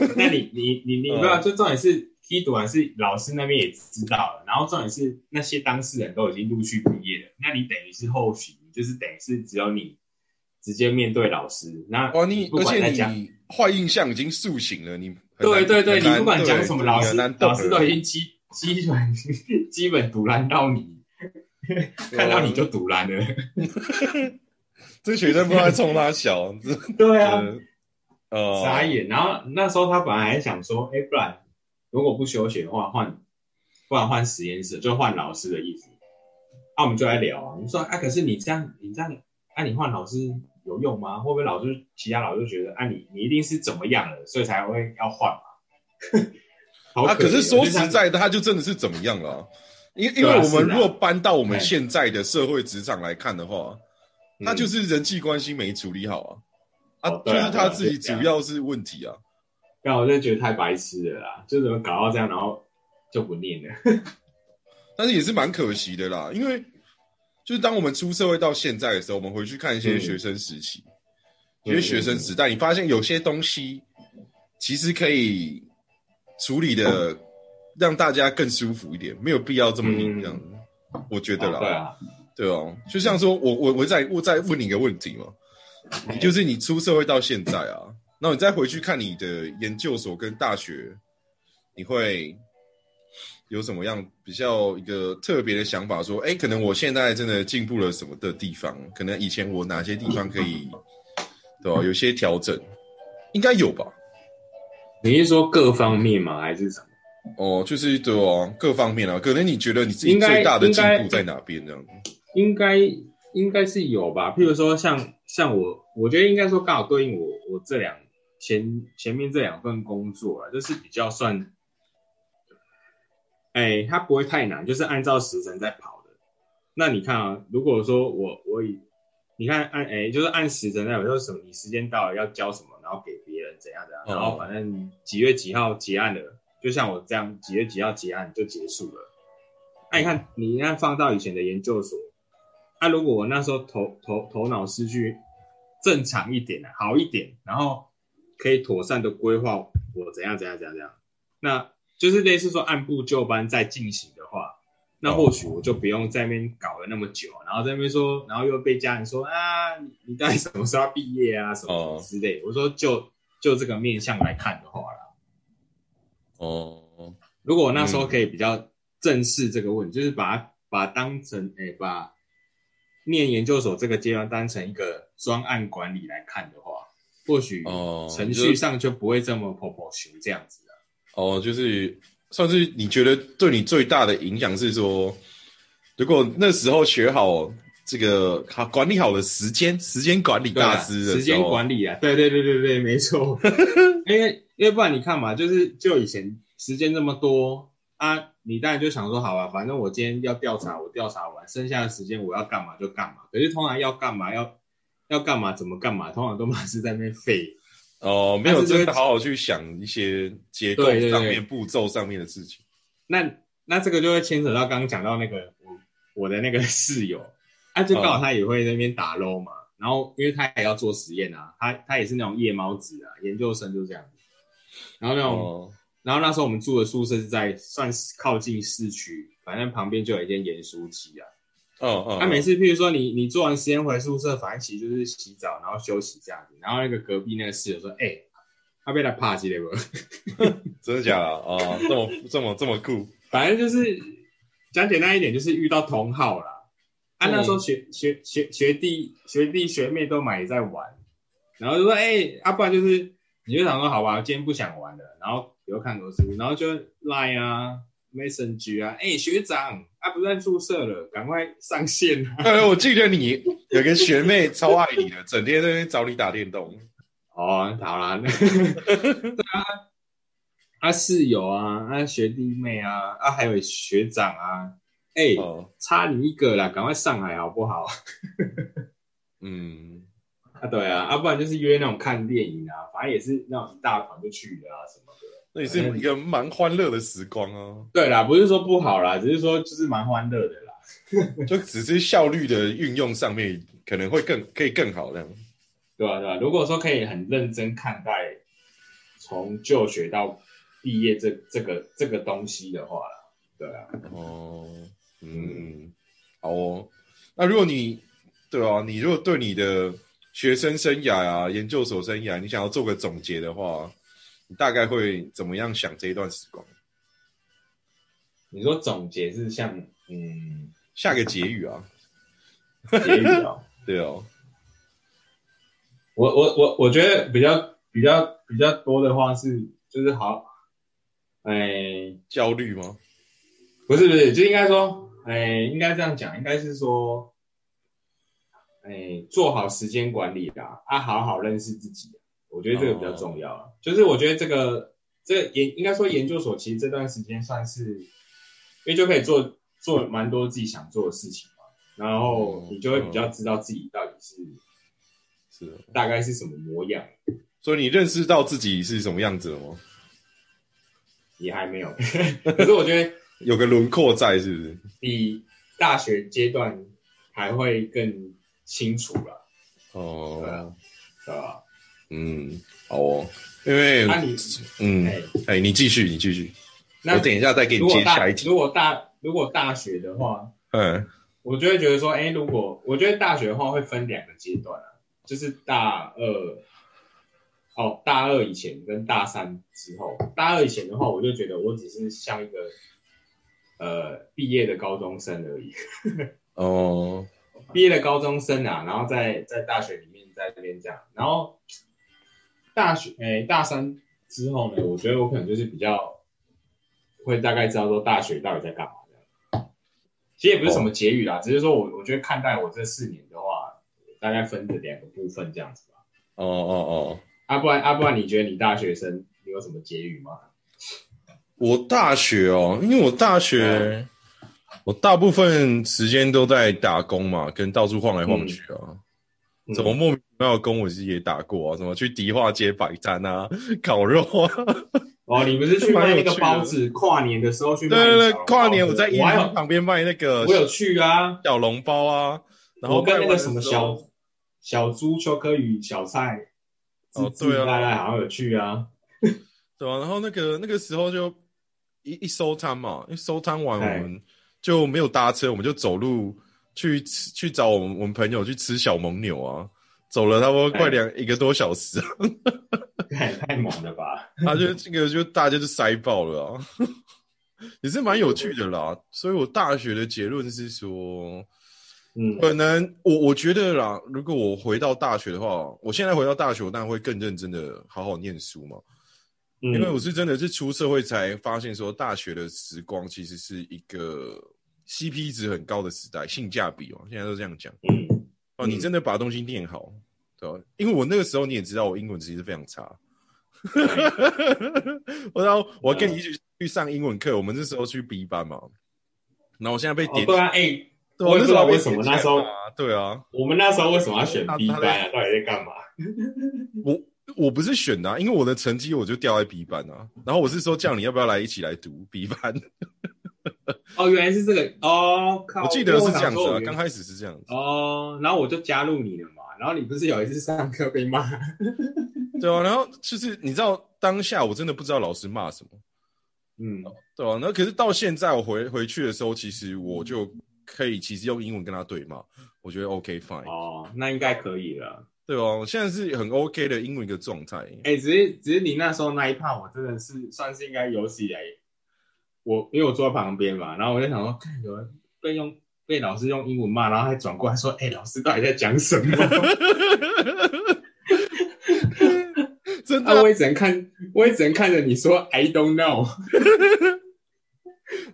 那那你你你你，對啊、嗯，就重點是批讀完是老師那邊也知道了，然後重點是那些當事人都已經陸續畢業了，那你等於是後續，就是等於是只有你直接面對老師。那哦，你而且你。壞印象已經塑形了，你對對對，你不管講什麼，老師老師都已經基基本基本堵爛到你，哦、 看到你就堵爛了。 這學生不知道衝他笑對、啊，對、 嗯、啊，傻眼。然後那時候他本來還想說，哎、欸，不然如果不休學的話，換不然換實驗室，就換老師的意思。那、啊、我們就來聊啊，我們說，哎、啊，可是你這樣，你這樣，哎、啊，你換老師。有用嗎？會不會老師其他老師覺得啊你，你你一定是怎麼樣了，所以才會要換嘛 啊，可是說實在的，他就真的是怎麼樣了，啊？因因為我們如果搬到我們現在的社會職場來看的話，那就是人際關係沒處理好啊。啊，嗯啊，哦，啊，啊，就是他自己主要是問題啊。那我就覺得太白痴了啦，就怎麼搞到這樣，然後就不念了。 但是也是蠻可惜的啦，因為。就是當我們出社會到現在的時候，我們回去看一些學生時期，嗯、一些學生時代對對對，你發現有些東西其實可以處理的讓大家更舒服一點，嗯、沒有必要這麼硬這樣子、嗯、我覺得啦，啊對啊，對哦、喔，就像說我我我再我再問你一個問題嘛，嗯、就是你出社會到現在啊，那你再回去看你的研究所跟大學，你會。有什麼樣比較一個特別的想法？說，哎、欸，可能我現在真的進步了什麼的地方？可能以前我哪些地方可以， 對吧、啊？有些調整，應該有吧？你是說各方面嗎？還是什麼？哦，就是對哦、啊，各方面啊，可能你覺得你自己最大的進步在哪邊呢？應該應該是有吧？譬如說像，像像我，我覺得應該說剛好對應我我這兩前前面這兩份工作啊，就是比較算。哎、欸，他不會太難，就是按照時辰在跑的。那你看啊，如果說我我以，你看按哎、欸，就是按時辰，在跑，就什麼你時間到了要交什麼，然後給別人怎樣怎樣，然後反正幾月幾號結案的、哦，就像我這樣幾月幾號結案就結束了。哎、啊，你看你應該放到以前的研究所，那、啊、如果我那時候頭頭頭腦思緒正常一點、啊，好一點，然後可以妥善的規劃我怎樣怎樣怎樣怎樣，那。就是類似說按部就班在進行的話，那或許我就不用在那邊搞了那麼久，oh. 然後在那邊說，然後又被家人說啊，你你到底什麼時候要畢業啊？什麼、什麼之類。Oh. 我說就就這個面向來看的話啦。哦、oh.，如果我那時候可以比較正視這個問題，oh. 就是把它、mm. 把當成誒、哎、把念研究所這個階段當成一個專案管理來看的話，或許程序上就不會這麼婆婆熊這樣子。哦，就是算是你覺得對你最大的影響是說，如果那時候學好這個，好管理好了時間，時間管理大師的時候、啊，時間管理啊，對對對對對，沒錯。 因為因為不然你看嘛，就是就以前時間這麼多啊，你當然就想說，好吧，反正我今天要調查，我調查完，剩下的時間我要幹嘛就幹嘛。可是通常要幹嘛要要幹嘛怎麼幹嘛，通常都嘛是在那邊廢。哦、呃，沒有真的好好去想一些結構上面，對對對對，步驟上面的事情。那那這個就會牽扯到剛剛講到那個我我的那個室友，他、啊、就剛好他也會那邊打撈嘛、嗯，然後因為他也要做實驗啊，他他也是那種夜貓子啊，研究生就這樣然後那種，嗯，然後那時候我們住的宿舍是在算是靠近市區，反正旁邊就有一間鹽酥雞啊。哦哦，他每次，譬如說你你做完實驗回來宿舍，反正其實就是洗澡，然後休息這樣子。然後那個隔壁那個室友說：“哎、欸，他不要趴機的不？” 真的假的哦、oh,，這麼這麼這麼酷。反正就是講簡單一點，就是遇到同好啦。按、啊、那時候學、嗯、學學學弟學弟學妹都買在玩，然後就說：“哎、欸，要、啊、不然就是你就想說好吧，今天不想玩了。”然後又看短視頻，然後就賴啊。Messenger 啊，哎、欸，學長他、啊、不在宿舍了，趕快上線、啊。哎、呃、我記得你有個學妹超愛你的， 整天在那找你打電動。哦，好啦，對 啊，啊室友啊，啊學弟妹啊，啊還有學長啊，哎、欸哦，差你一個啦，趕快上來好不好？ 嗯，啊對啊，要、啊、不然就是約那種看電影啊，反正也是那種一大群就去的啊什麼。也是一個蠻歡樂的時光哦、啊嗯。對啦，不是說不好啦，只是說就是蠻歡樂的啦。 就只是效率的運用上面，可能會更可以更好這樣。對啊，對啊。如果說可以很認真看待從就學到畢業這這個這個東西的話啦，對啊。哦，嗯，嗯。好哦。那如果你對啊，你如果對你的學生生涯啊、研究所生涯，你想要做個總結的話。你大概會怎麼樣想這一段時光？你說總結是像嗯，下個結語啊？結語啊？ 對哦。我我我我覺得比較比較比較多的話是就是好，哎、欸，焦慮嗎？不是不是，就應該說哎、欸，應該這樣講，應該是說哎、欸，做好時間管理啦、啊，啊，好好認識自己。我覺得這個比較重要啊，oh. 就是我覺得這個這研、個、應該說研究所其實這段時間算是，因為就可以做做蠻多自己想做的事情嘛，然後你就會比較知道自己到底是是、oh. oh. 大概是什麼模樣，所以你認識到自己是什麼樣子了嗎？你還沒有， 可是我覺得有個輪廓在，是不是？比大學階段還會更清楚了。哦、oh.，對啊，對吧。嗯，好哦，因為那、啊、你嗯哎、欸欸，你繼續，你繼續那，我等一下再給你接下一題。如果大如果大學的話，嗯，我就會覺得說，哎、欸，如果我覺得大學的話會分兩個階段啊，就是大二，哦，大二以前跟大三之後，大二以前的話，我就覺得我只是像一個呃畢業的高中生而已。 哦，畢業的高中生啊，然後在在大學裡面在這邊這樣，然後。大學誒、欸，大三之後呢，我覺得我可能就是比較會大概知道說大學到底在幹嘛這樣。其實也不是什麼結語啦，哦、只是說我我覺得看待我這四年的話，大概分這兩個部分這樣子吧。哦哦哦，啊不然，啊不，然，啊、然你覺得你大學生你有什麼結語嗎？我大學哦，因為我大學、嗯、我大部分時間都在打工嘛，跟到處晃來晃去啊，嗯、怎麼莫名？那有公，我自己也打過啊，什麼去迪化街擺攤啊，烤肉啊。哦，你不是去買那個包子？跨年的時候去買個包。對，對對，跨年我在銀行旁邊賣那個我。我有去啊，小籠包啊，然後跟那個什麼小小豬邱可宇、小蔡。哦，對啊，好像有趣啊。對啊，然後那個那個時候就一一收攤嘛，一收攤完我們就沒有搭車，我們就走路去吃去找我們我們朋友去吃小蒙牛啊。走了，差不多快兩一個多小時啊！ 太猛忙了吧！ 他、啊、就這個就大家就塞爆了、啊、 也是蠻有趣的啦。所以我大學的結論是說，嗯，可能我我覺得啦，如果我回到大學的話，我現在回到大學，那會更認真的好好念書嘛。因為我是真的是出社會才發現說，大學的時光其實是一個 CP 值很高的時代，性價比哦，現在都這樣講。嗯，嗯。哦，你真的把東西念好，嗯、對、啊、因為我那個時候你也知道，我英文其實非常差。嗯、 我然後我跟你一起去上英文課，我們那時候去 B 班嘛。然後我現在被點、哦對，啊欸、對啊，我知道為什麼那時候，那時候對啊，我們那時候為什麼要選 B 班、啊？到底在，在，在，在幹嘛？我我不是選的、啊，因為我的成績我就掉在 B 班啊。 然後我是說，這樣你要不要來一起來讀 B 班？哦，原來是這個哦靠！我記得是這樣子、啊，剛開始是這樣子哦。然後我就加入你了嘛。然後你不是有一次上課被罵， 對哦、啊、然後就是你知道當下我真的不知道老師罵什麼，嗯，對、啊、然後可是到現在我回回去的時候，其實我就可以其實用英文跟他對罵、嗯，我覺得 OK fine。哦，那應該可以了，對哦、啊，現在是很 OK 的英文一個狀態。哎、欸，只是只是你那時候那一趴，我真的是算是應該有喜哎。我因為我坐在旁邊嘛，然後我就想說，有人被用被老師用英文罵，然後還轉過來說：“哎、欸，老師到底在講什麼？” 真的、啊啊，我也只能看，我也只能看着你說 “I don't know”。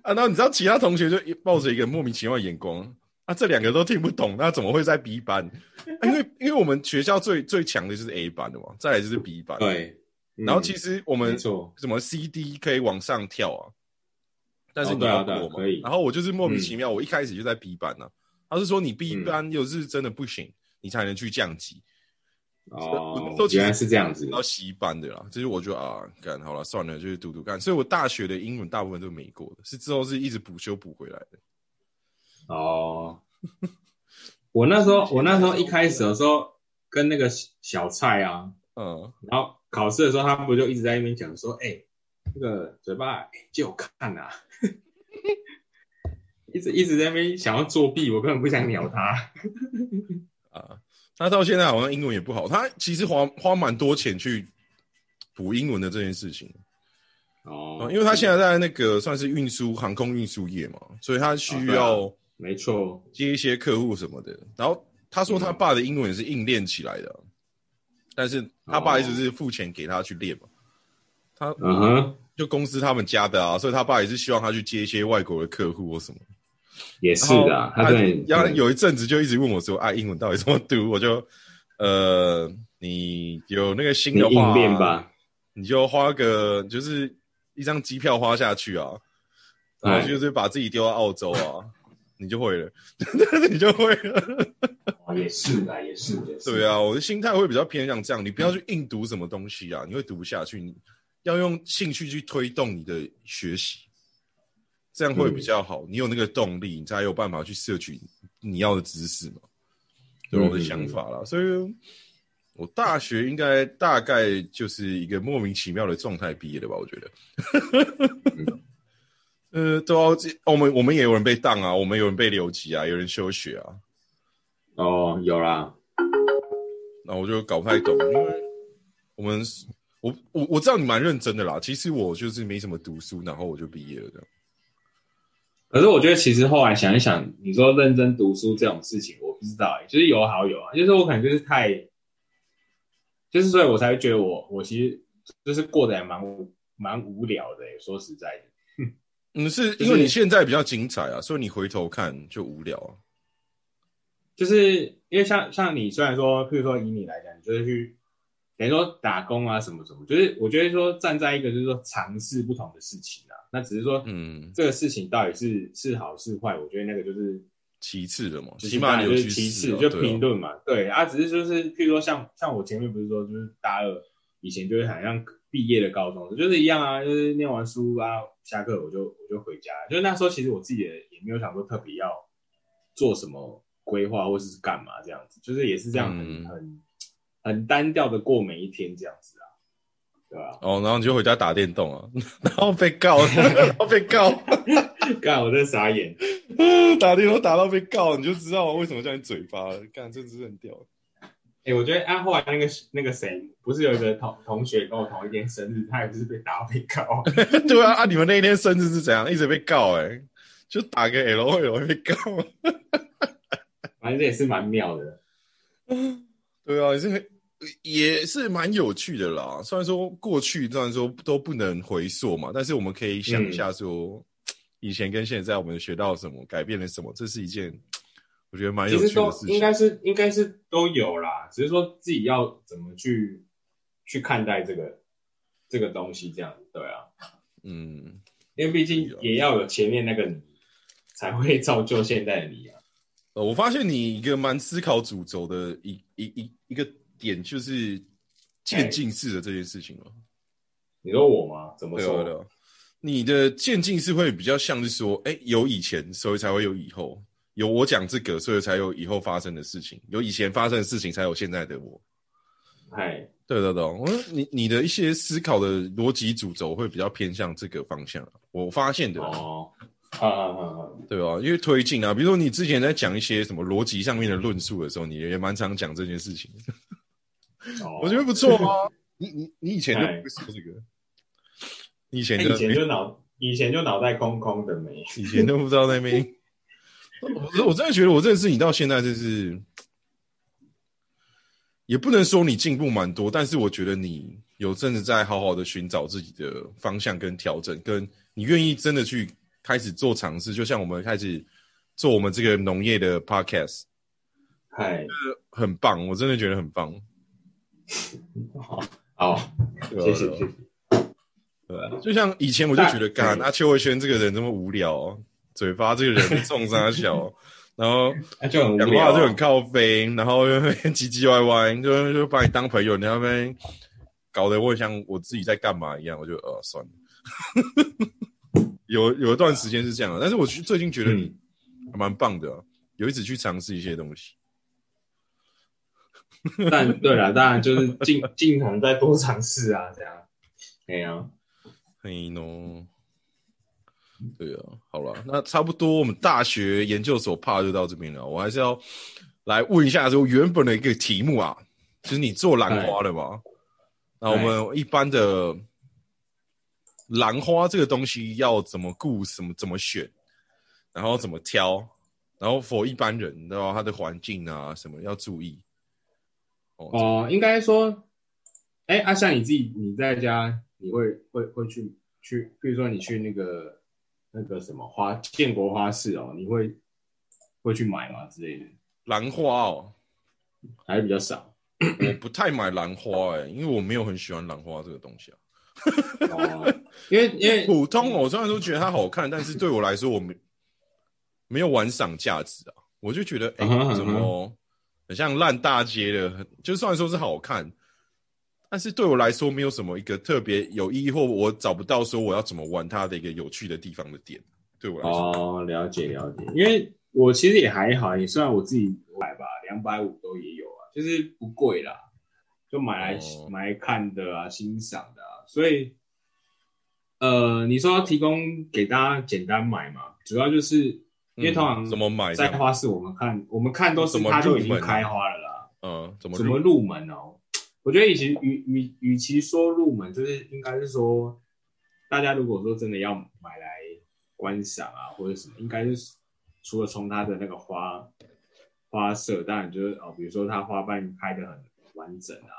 啊、然那你知道其他同學就抱着一個莫名其妙的眼光，那、啊、這兩個都聽不懂，那怎麼會在 B 班？啊、因為因為我們學校最最強的就是 A 班的嘛，再來就是 B 班，對、嗯。然後其實我們什麼 C D 可以往上跳啊？但是你要過嘛、oh, 啊？然後我就是莫名其妙，嗯、我一開始就在 B 班呢、啊。他是說你 B 班，嗯、又是真的不行，你才能去降級。哦，都原來是這樣子。到 C 班的啦，其實我就啊，幹好了，算了，就是讀讀看。所以我大學的英文大部分都是沒過的，是之後是一直補修補回來的。哦，我那時候 我那時候一開始的時候跟那個小蔡啊，嗯，然後考試的時候他不就一直在那邊講說，哎，這個嘴巴就看啊。一直一直在那邊想要作弊，我根本不想鳥他。 啊，他到現在好像英文也不好，他其實花花蠻多錢去補英文的這件事情。哦、啊，因為他現在在那個算是運輸航空運輸業嘛，所以他需要、啊啊、沒錯，接一些客戶什麼的。然後他說他爸的英文也是硬練起來的、嗯，但是他爸一直是付錢給他去練嘛。哦、他嗯哼，就公司他們家的啊，所以他爸也是希望他去接一些外國的客戶或什麼。也是的、啊，他要有一陣子就一直問我說、嗯：“啊，英文到底怎麼讀？”我就，呃，你有那個心的話，你就花個就是一張機票花下去啊，嗯、然後就是把自己丟到澳洲啊，你就會了，你就會了。 也是啊、也是的也是，的，對啊，我的心態會比較偏向這樣，你不要去硬讀什麼東西啊，嗯、你會讀不下去。你要用興趣去推動你的學習。這樣會比較好，嗯，你有那個動力，你才有辦法去攝取你要的知識嘛。嗯、對我的想法啦、嗯，所以我大學應該大概就是一個莫名其妙的狀態畢業的吧？我覺得， 嗯、呃，都要、哦、我們我們也有人被當啊，我們有人被留級啊，有人休學啊。哦，有啦，那我就搞不太懂，因為我們我我我知道你蠻認真的啦，其實我就是沒什麼讀書，然後我就畢業了的。可是我覺得，其實後來想一想，你說認真讀書這種事情，我不知道哎、欸，就是有好有啊，就是我可能就是太，就是所以我才會覺得我我其實就是過得還蠻蠻無聊的哎、欸，說實在的，嗯，是因為你現在比較精彩啊，就是、所以你回頭看就無聊啊，就是因為像像你雖然說，譬如說以你來講，你就是去等於說打工啊什麼什麼，就是我覺得說站在一個就是說嘗試不同的事情啊。那只是說，嗯，這個事情到底是是好是壞，我覺得那個就是其次的嘛，其實起碼就是其次、哦，就評論嘛，對、哦、對啊，只是就是，譬如說像像我前面不是說，就是大二以前就是好像畢業的高中，就是一樣啊，就是念完書啊，下課我就我就回家，就是那時候其實我自己也、也沒有想過特別要做什麼規劃或者是幹嘛這樣子，就是也是這樣很、嗯、很很單調的過每一天這樣子、啊。啊、哦，然後你就回家打電動啊，然後被告， 然後被告，幹， 我在傻眼，嗯，打電動打到被告，你就知道我為什麼叫你嘴巴了，干，這真是很的很屌。哎、欸，我覺得啊，後來那個那個誰，不是有一個同同學跟我同一天生日，他也不是被打被告。 對啊， 啊，你們那一天生日是怎樣，一直被告、欸，哎，就打給 L O L，被告？ 反正這也是蠻妙的。對啊，也是也是蠻有趣的啦。雖然說過去，雖然說都不能回溯嘛，但是我們可以想一下說，說、嗯、以前跟現在，我們學到什麼，改變了什麼，這是一件我覺得蠻有趣的事情。應該是，應該是都有啦，只是說自己要怎麼去去看待這個這個東西，這樣子，對啊，嗯，因為畢竟也要有前面那個你，才會造就現在的你啊。呃，我發現你一個蠻思考主軸的一一一一個。點就是漸進式的這件事情嗎？欸、你問我嗎？怎麼說的？你的漸進式會比較像是說，哎、欸，有以前，所以才會有以後；有我講這個，所以才有以後發生的事情；有以前發生的事情，才有現在的我。哎、欸，對的，對，我說你你的一些思考的邏輯主軸會比較偏向這個方向，我發現的哦。啊啊啊啊！對哦，因為推進啊，比如說你之前在講一些什麼邏輯上面的論述的時候，嗯、你也蠻常講這件事情。Oh, 我覺得不錯哦、啊。 你你以、這個、你以前就不這個，以前就以前就腦以前就腦袋空空的沒，沒以前都不知道在那邊。我 我真的覺得我認識你到現在，就是也不能說你進步蠻多，但是我覺得你有真的在好好的尋找自己的方向跟調整，跟你願意真的去開始做嘗試，就像我們開始做我們這個農業的 podcast，嗨，很棒，我真的覺得很棒。好，好，謝謝，謝謝。對，對，就像以前我就覺得，幹啊邱慧軒這個人這麼無聊，嘴巴這個人重三小， 然後、啊、就很講話就很靠北，然後又唧唧歪歪，就就把你當朋友，你要被搞得我很像我自己在幹嘛一樣，我就呃算了。 有有一段時間是這樣的，但是我最近覺得你還蠻棒的、嗯，有一直去嘗試一些東西。 但對了，當然就是盡可能再多嘗試啊，這樣，哎呀，嘿咯，對啊，好啦，那差不多我們大學研究所 part 就到這邊了。我還是要來問一下，就原本的一個題目啊，就是你做蘭花的嘛？那我們一般的蘭花這個東西要怎麼顧，什麼怎麼選，然後怎麼挑，然後 for 一般人他的話它的環境啊什麼要注意？哦、oh, 呃，應該說，哎、欸，阿香，你自己你在家，你會會會去去，譬如說你去那個那個什麼花建國花市哦，你會會去買嗎之類的？蘭花哦，還是比較少，我不太買蘭花哎、欸，因為我沒有很喜歡蘭花這個東西啊， oh, 因為因為普通我雖然都覺得它好看， 但是對我來說，我沒沒有玩賞價值啊，我就覺得哎，怎、欸 uh -huh, 麼？Uh -huh. 很像爛大街的，就算說是好看，但是對我來說沒有什麼一個特別有意義，或我找不到說我要怎麼玩它的一個有趣的地方的點，對我來說。哦，了解了解，因為我其實也還好，也雖然我自己買吧，兩百五都也有啊，就是不貴啦，就買來、哦、買來看的啊，欣賞的，啊，所以呃，你說要提供給大家簡單買嘛，主要就是。因為通常、嗯、怎麼買在花市，我們看我們看都麼、啊，它就已經開花了啦、啊。嗯，怎麼入門哦、啊？我覺得與其與與與其說入門，就是應該是說，大家如果說真的要買來觀賞啊，或者什麼，應該是除了從它的那個花花色，當然就是哦，比如說它花瓣開得很完整啊，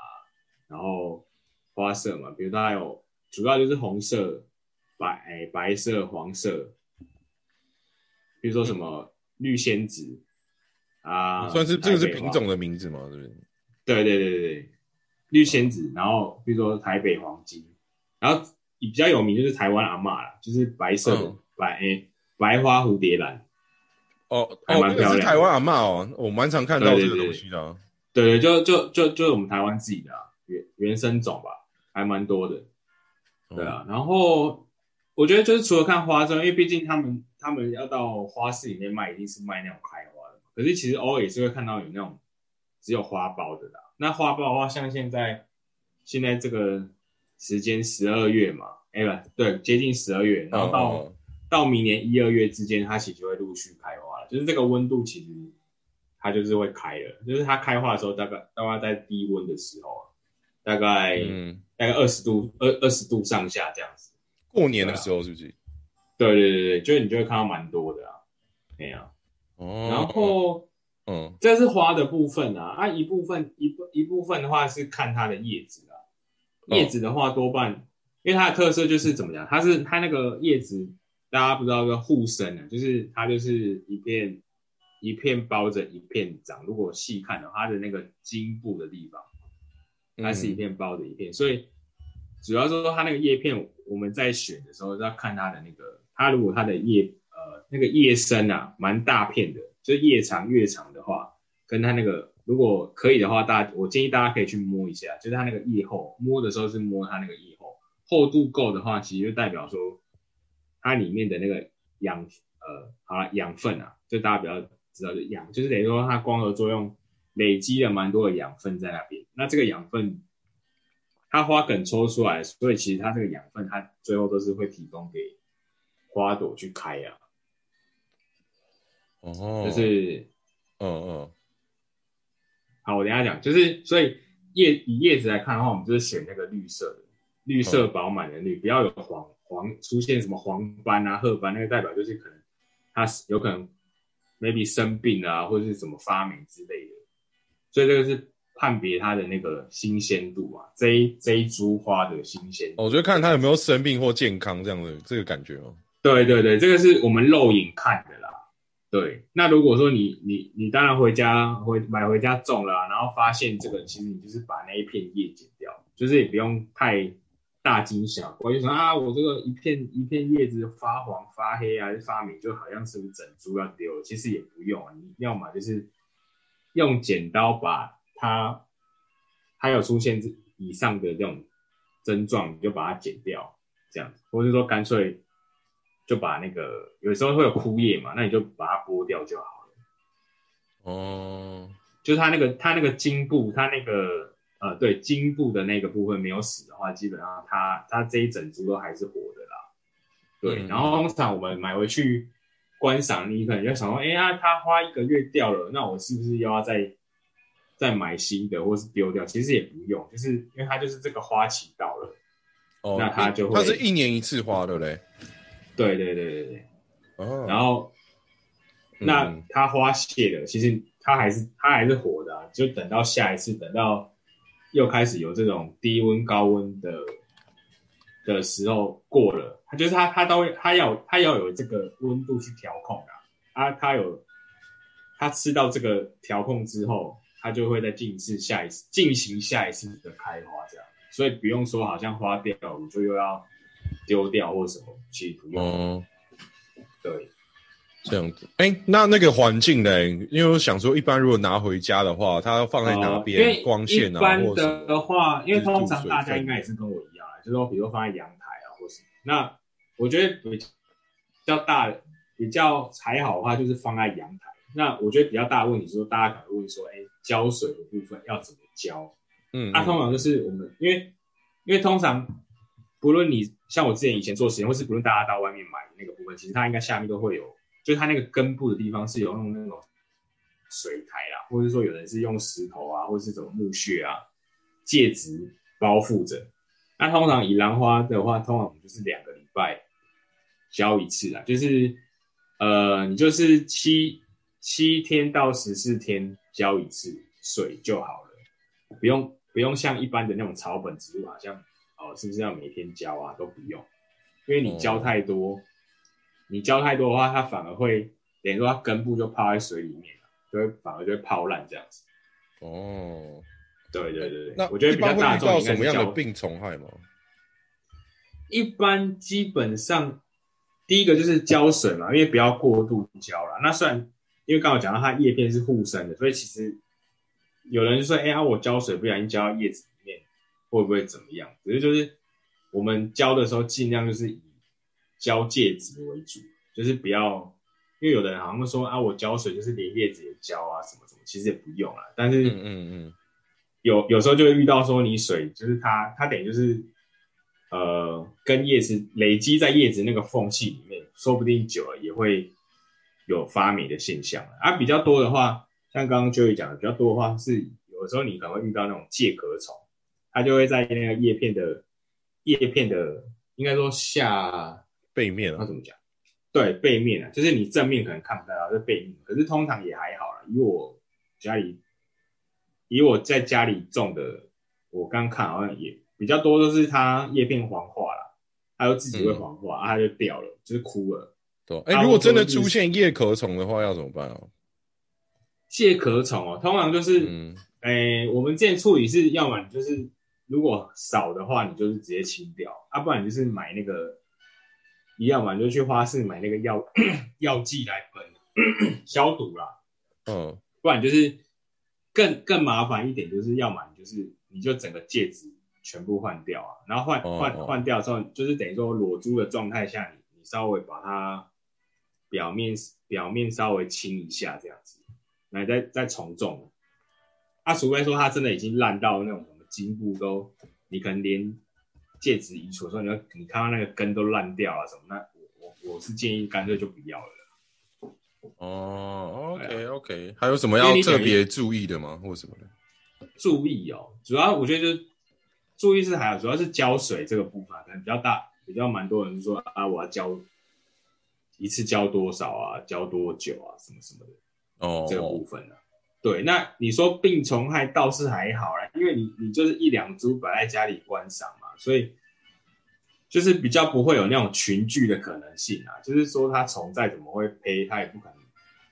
然後花色嘛，比如大家有主要就是紅色、白、欸、白色、黃色。比如說什麼綠仙子啊、嗯呃，算是這個是品種的名字嗎？對不對對對對對，綠仙子。然後比如說台北黃金，然後比較有名就是台灣阿嬤啦，就是白色、嗯、白、欸、白花蝴蝶蘭。哦還蠻漂亮哦，哦，那個是台灣阿嬤哦，我蠻常看到這個東西的、啊。對對，對，對，對，就就就就是我們台灣自己的原、啊、原生種吧，還蠻多的。對啊，嗯、然後我覺得就是除了看花之外，因為畢竟他們。他們要到花市裡面賣，一定是賣那種開花的。可是其實偶爾也是會看到有那種只有花苞的啦。那花苞的話，像現在現在這個時間十二月嘛，哎不，對，接近十二月，然後到，oh. 到明年一二月之間，它其實就會陸續開花了。就是這個溫度其實它就是會開了，就是它開花的時候大概大概在低溫的時候，大概、嗯、大概二十度二二十度上下這樣子。過年的時候是不是？對對對對，就你就會看到蠻多的啊，沒有、啊。哦，然後，嗯，這是花的部分啊，啊一部分一一部分的話是看它的葉子啊，葉子的話多半、哦、因為它的特色就是怎麼講，它是它那個葉子大家不知道叫互生的，就是它就是一片一片包着一片長，如果細看的話，它的那個莖部的地方，它是一片包着一片，嗯、所以主要說它那個葉片我們在選的時候要看它的那個。它如果它的葉呃那個葉身啊，蠻大片的，就葉長葉長的話，跟它那個如果可以的話，大家我建議大家可以去摸一下，就是它那個葉厚，摸的時候是摸它那個葉厚厚度夠的話，其實就代表說它裡面的那個養呃好啊養分啊，就大家比較知道，就養就是等於說它的光合作用累積了蠻多的養分在那邊，那這個養分它花梗抽出來，所以其實它這個養分它最後都是會提供給。花朵去開呀，哦，就是，嗯嗯，好，我等下講，就是所以葉以葉子來看的話，我們就是選那個綠色的，綠色飽滿的綠，不要有黃黃出現什麼黃斑啊、褐斑，那個代表就是可能它有可能 maybe 生病啊，或者是怎麼發霉之類的，所以這個是判別它的那個新鮮度啊，這一這一株花的新鮮度。哦，我覺得看它有沒有生病或健康這樣的這個感覺哦。對對對，這個是我們肉眼看的啦。對，那如果說你你你當然回家回買回家種了，然後發現這個其實你就是把那一片葉剪掉，就是也不用太大驚小怪，就說啊，我這個一片一片葉子發黃發黑啊，就發霉，就好像是整株要丟，其實也不用。啊，你要麼就是用剪刀把它，它有出現以上的這種症狀，你就把它剪掉，這樣子，或者說乾脆。就把那個有時候會有枯葉嘛，那你就把它剝掉就好了。哦、嗯，就是它那個它那個莖部，它那個莖部它、那個、呃，對莖部的那個部分沒有死的話，基本上它它這一整株都還是活的啦。對、嗯，然後通常我們買回去觀賞，你可能就想說，哎、欸、呀，它花一個月掉了，那我是不是又要再再買新的，或是丟掉？其實也不用，就是因為它就是這個花期到了，哦，那它就會它是一年一次花的咧，對不對？對對對對對，oh. 然後，那、mm. 它花謝了，其實它還是它還是活的、啊，就等到下一次，等到又開始有這種低溫高溫的的時候過了，它就是它它都它要它要有這個溫度去調控啊啊它有它吃到這個調控之後，它就會再進一次下一次進行下一次的開花這樣，所以不用說好像花掉了我就又要。丟掉或什麼去不用、嗯，對，這樣子。哎、欸，那那個環境呢？因為我想說，一般如果拿回家的話，它要放在哪邊、呃？光線、啊、一般的話，因為通常大家應該也是跟我一樣，就是說，比如說放在陽台啊或什麼，或是那我覺得比較大的、比較才好的話，就是放在陽台。那我覺得比較大的問題，就是說大家可能會問說，哎、欸，澆水的部分要怎麼澆？嗯，嗯，它、啊、通常就是我們，因為因為通常不論你。像我之前以前做實驗，或是不論大家到外面買的那個部分，其實它應該下面都會有，就是它那個根部的地方是有用那種水苔啦，或者說有人是用石頭啊，或者是什麼木屑啊介質包覆着。那通常以蘭花的話，通常我們就是兩個禮拜澆一次啦，就是呃，你就是七七天到十四天澆一次水就好了，不用不用像一般的那種草本植物，好像，哦，是不是要每天澆啊？都不用，因為你澆太多，哦、你澆太多的話，它反而會，等於說它根部就泡在水裡面了，就會反而就會泡爛這樣子。哦，對對對，那我覺得比較大眾應該的病蟲害，一般基本上，第一個就是澆水嘛，因為不要過度澆了。那雖然因為剛剛講到它葉片是互生的，所以其實有人就說，哎、欸、呀、啊，我澆水不小心澆到葉子。會不會怎麼樣？只是就是我們澆的時候，盡量就是以澆介質為主，就是不要，因為有人好像說啊，我澆水就是連葉子也澆啊，什麼什麼，其實也不用啊。但是，嗯嗯嗯，有有時候就會遇到說，你水就是它，它等於就是呃，跟葉子累積在葉子那個縫隙裡面，說不定久了也會有發霉的現象啊，比較多的話，像剛剛 Joey 講的比較多的話，是有時候你可能會遇到那種介殼蟲。它就會在那個葉片的葉片的，應該說下背面啊，它怎麼講？對，背面啊，就是你正面可能看不到，是背面。可是通常也還好啦，以我家裡，以我在家裡種的，我剛看好像也比較多，都是它葉片黃化啦，它就自己會黃化，它、嗯、就掉了，就是枯了。對，哎、欸就是，如果真的出現介殼蟲的話，要怎麼辦哦？介殼蟲哦，通常就是，哎、嗯欸，我們這邊處理是要麼就是。如果少的話，你就是直接清掉，啊，不然你就是買那個，一樣嘛，就去花市買那個藥藥劑來噴消毒啦。嗯，不然就是更更麻煩一點，就是要嘛，就是你就整個介質全部換掉啊，然後換換換掉之後，就是等於說裸株的狀態下你，你你稍微把它表面表面稍微清一下這樣子，來再再重種。啊，除非說它真的已經爛到那種。進步都，你可能連戒指移除，說你要你看到那個根都爛掉啊什麼？那我我我是建議乾脆就不要了。哦、oh，，OK OK，還有什麼要特別注意的嗎？或什麼的？注意哦，主要我覺得就是、注意是還有，主要是澆水這個部分可、啊、能比較大，比較蠻多人說啊，我要澆一次澆多少啊，澆多久啊，什麼什麼的哦，oh. 這個部分啊。對，那你說病蟲害倒是還好啦，因為你你就是一兩株擺在家裡觀賞嘛，所以就是比較不會有那種群聚的可能性啊。就是說它蟲再怎麼會飛，它也不可能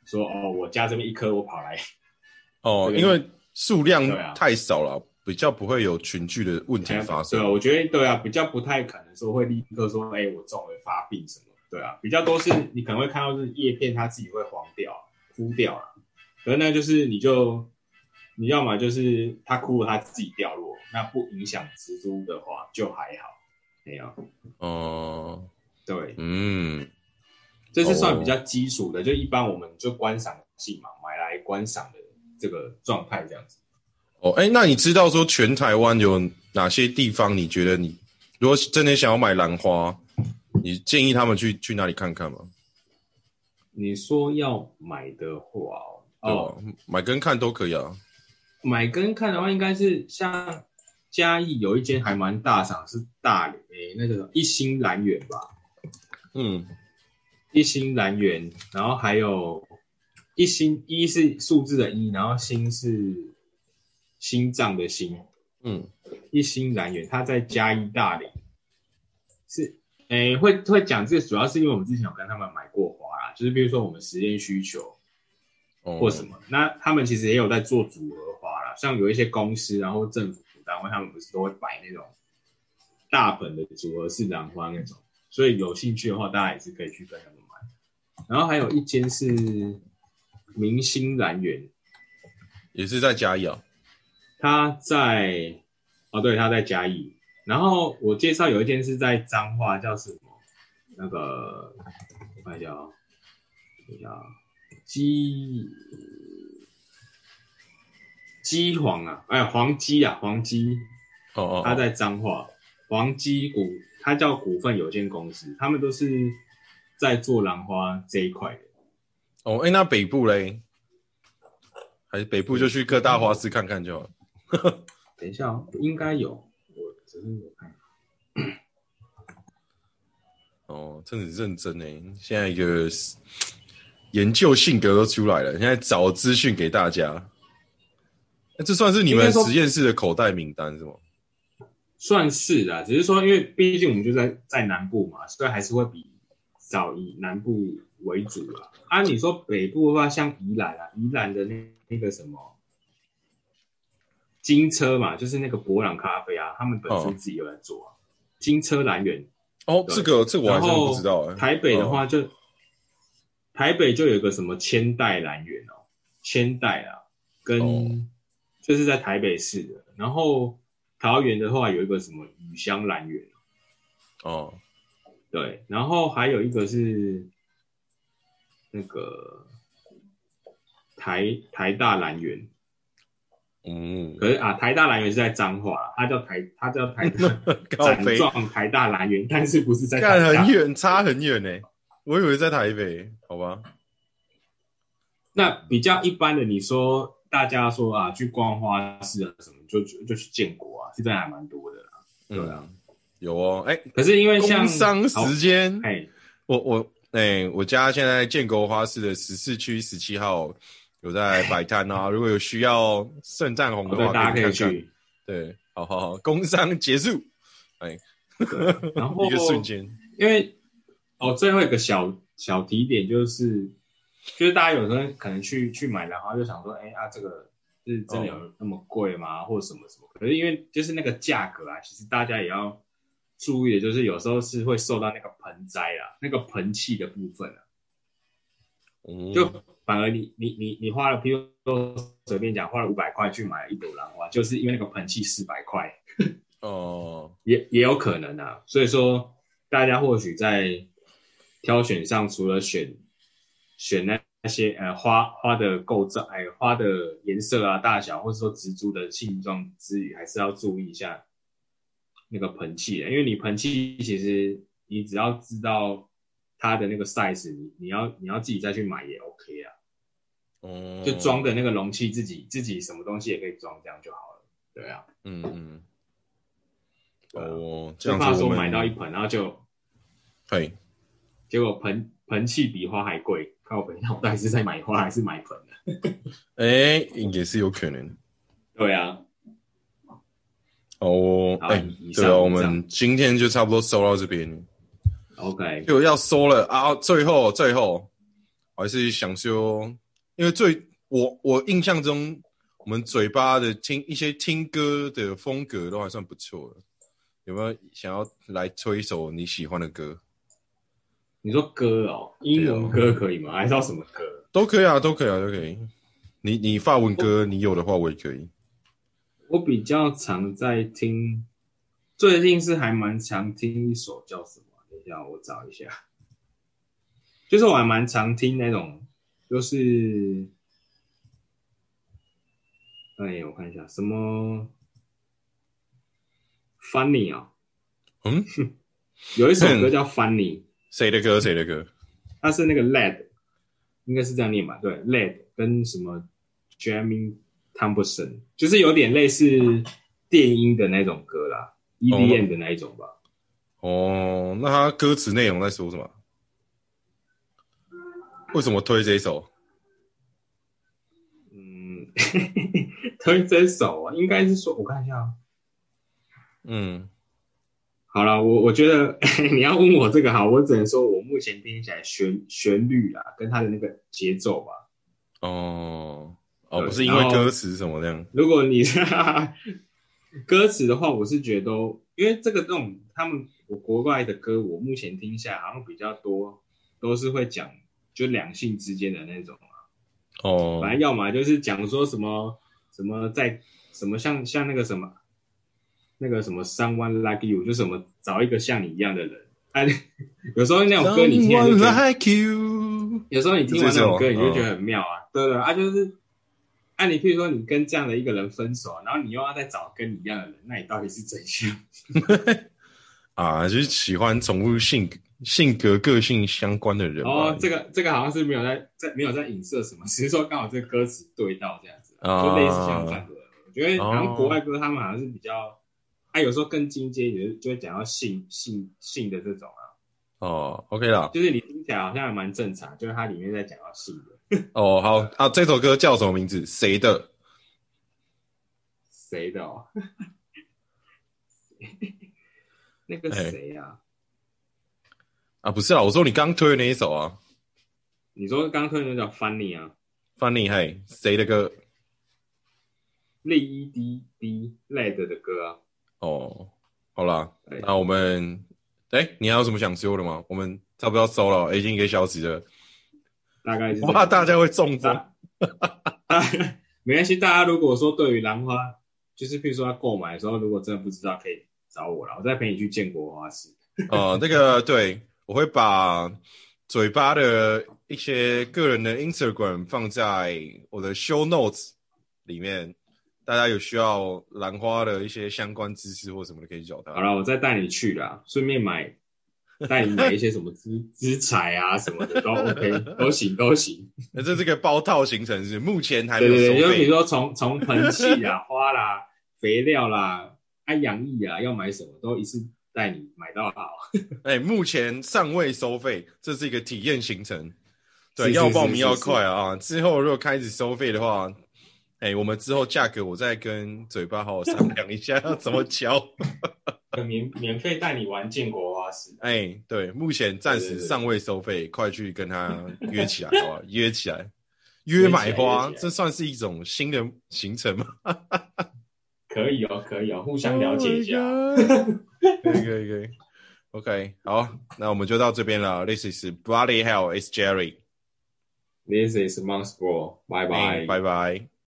說哦，我家這邊一顆我跑來哦、這個，因為數量太少了、啊，比較不會有群聚的問題發生。對，、啊對，對，我覺得對啊，比較不太可能說會立刻說哎，我種了發病什麼？對啊，比較多是你可能會看到是葉片它自己會黃掉枯掉了。所以那就是你就你要麼就是它枯了，它自己掉落，那不影響植株的話就還好，沒有哦，對，嗯，這是算比較基礎的、哦，就一般我們就觀賞性嘛，買來觀賞的這個狀態這樣子。哦，哎、欸，那你知道說全台灣有哪些地方？你覺得你如果真的想要買蘭花，你建議他們去去哪裡看看嗎？你說要買的話。哦，買跟看都可以啊。買跟看的話，應該是像嘉義有一間還蠻大廠，是大林那個一心蘭園吧？嗯，一心蘭園，然後還有一心，一是數字的一，然後心是心臟的心。嗯，一心蘭園，它在嘉義大林。是，哎，會會講這，主要是因為我們之前有跟他們買過花啦，就是比如說我們實驗需求。或什麼、嗯，那他們其實也有在做組合花啦，像有一些公司，然後政府單位，他們不是都會擺那種大盆的組合市場花那種、嗯，所以有興趣的話，大家也是可以去跟他們買。然後還有一間是明星蘭園，也是在嘉義哦，他在，哦對，他在嘉義。然後我介紹有一間是在彰化，叫什麼？那個我看一下啊、喔，等一下、喔。雞雞黃啊，哎，黃雞啊，黃雞哦哦，他在彰化，黃雞股，它叫股份有限公司，他們都是在做蘭花這一塊哦，哎、欸，那北部嘞？還是北部就去各大花市看看就好了。 等一下哦，應該有，我只是我看。 哦，真很認真呢，現在就是。研究性格都出來了，現在找資訊給大家。這算是你們實驗室的口袋名單是嗎？算是啊，只是說，因為畢竟我們就在在南部嘛，所以還是會比早以南部為主啦、啊。啊，你說北部的話，像宜蘭啊，宜蘭的那那個什麼金車嘛，就是那個伯朗咖啡啊，他們本身自己有在做、啊哦、金車來源。哦，這個這個、我完全不知道哎。台北的話就。哦台北就有一個什麼千代蘭園哦，千代啊，跟這、oh. 是在台北市的，然後桃園的話有一個什麼雨香蘭園哦，oh. 對，然後還有一個是那個台台大蘭園，嗯、mm.，可是啊，台大蘭園是在彰化，啊、叫它叫台它叫台台大蘭園，但是不是在彰化，幹很遠差很遠呢、欸？我以為在台北，好吧？那比較一般的，你說大家說啊，去逛花市啊，什麼就就就去建國啊，現在還蠻多的有、啊、對啊、嗯，有哦，哎、欸，可是因為像工商時間，哎，我我哎、欸，我家現在建國花市的十四區十七號有在擺攤啊，如果有需要聖誕紅的話看看、哦，大家可以去。對，好好好，工商結束，哎、欸，然後 一個瞬間，因為。哦，最後一個小小提點就是，就是大家有時候可能去去買蘭花，就想說，哎、欸、啊，這個是真的有那麼貴嗎？哦、或者什麼什麼？可是因為就是那個價格啊，其實大家也要注意的就是有時候是會受到那個盆栽啦、那個盆器的部分啊，嗯，就反而你你你你花了，譬如說隨便講花了五百塊去買一朵蘭花，就是因為那個盆器四百塊，哦， 也也有可能啊，所以說大家或許在。挑選上除了選選那些呃花花的構造、還有、哎、花的顏色啊、大小，或者說植株的性狀之餘，還是要注意一下那個盆器，因為你盆器其實你只要知道它的那個 size，你，你要你要自己再去買也 OK 啊。哦。就裝的那個容器自己自己什麼東西也可以裝，這樣就好了。對啊。嗯嗯、啊。哦，就怕說，說買到一盆，然後就，嘿。結果盆盆器，比花還貴，靠北，到底是在買花，還是買盆的。哎、 欸，也是有可能。對啊。哦、oh, 欸，對。所以我們今天就差不多收到這邊。OK，就要收了啊！最後，最後，還是想說，因為最我我印象中，我們嘴巴的聽一些聽歌的風格都還算不錯的。有沒有想要來推一首你喜歡的歌？你說歌哦，英文歌可以嗎？還是要什麽歌？都可以啊，都可以啊，都可以。你你法文歌，你有的話我也可以。我比較常在聽，最近是還蠻常聽一首叫什麽？等一下我找一下。就是我還蠻常聽那種，就是哎，我看一下什麽 Funny 哦，嗯哼，有一首歌叫 Funny、嗯。誰的，的歌？誰的歌？他是那個 Led，應該是這樣念吧？對，Led 跟什麼 Jammy Thompson 就是有點類似電音的那種歌啦，EDM、哦、的那一種吧。哦，那他歌詞內容在說什麼？為什麼推這一首？嗯， 推這首啊，應該是說，我看一下。嗯。好了，我我覺得、哎、你要問我這個哈，我只能說，我目前聽起來旋旋律啦，跟他的那個節奏吧。哦、oh, oh, 哦，不是因為歌詞什麼的，樣。如果你哈哈歌詞的話，我是覺得都，因為這個這種他們我國外的歌，我目前聽下來好像比較多，都是會講就兩性之間的那種啊。哦，反正要麼就是講說什麼什麼在什麼像像那個什麼。那個什麼，Someone Like You，就什麼找一個像你一樣的人。哎、啊，有時候那種歌你聽 you,、like、you，有時候你聽完那首歌你就覺得很妙啊，哦、對對啊，就是啊，你譬如說你跟這樣的一個人分手，然後你又要再找跟你一樣的人，那你到底是怎樣？ 啊，就是喜歡寵物性格、性格、個性相關的人。哦，這個這個好像是沒有在在沒有在影射什麼，只是說剛好這個歌詞對到這樣子，哦、就類似這樣的。我覺得好像國外歌他們好像是比較。他、啊、有時候更進階也就是就會講到性性性的這種啊，哦、oh，OK 啦，就是你聽起來好像還蠻正常，就是它裡面在講到性的。哦、oh，好 啊，這首歌叫什麼名字？誰的？誰的、哦 誰？那個誰呀、啊？Hey. 啊，不是啊，我說你剛推的那一首啊。你說剛推的那叫、啊、Funny 啊？Funny，嘿，誰的歌？LED D Led -E、的歌啊。哦，好啦，那我們哎、欸，你還有什麼想說的嗎？我們差不多收了，欸、已經一個小時了，大概我怕大家會中招、 啊。沒關係，大家如果說對於蘭花，就是比如說要購買的時候，如果真的不知道，可以找我啦，我再陪你去建國花市、呃。那個 對，我會把嘴巴的一些個人的 Instagram 放在我的 Show Notes 裡面。大家有需要蘭花的一些相關知識或什麼的，可以找他。好了，我再帶你去啦，順便買，帶你買一些什麼資資 材啊什麼的都 OK，都行都行。那這是個包套行程是是，是 目前還沒有收費。因為、就是、你說從從盆器啦、 花啦、肥料啦、營養液啊，要買什麼都一次帶你買到好。哎、 欸，目前尚未收費，這是一個體驗行程。對，是是是是是要報名要快啊，是是是是啊！之後如果開始收費的話。哎、欸，我們之後價格我再跟嘴巴好好商量一下， 要怎麼交？ 免免費帶你玩建國花、啊、市。哎、欸，對，目前暫時尚未收費，快去跟他約起來好不好 約起來，約買花約約，這算是一種新的行程嗎？ 可以哦，可以哦，互相了解一下。Oh、 可以可以可以，OK，好，那我們就到這邊了。This is bloody hell, it's Jerry. This is mouth bro. Bye bye bye.、欸 bye, bye.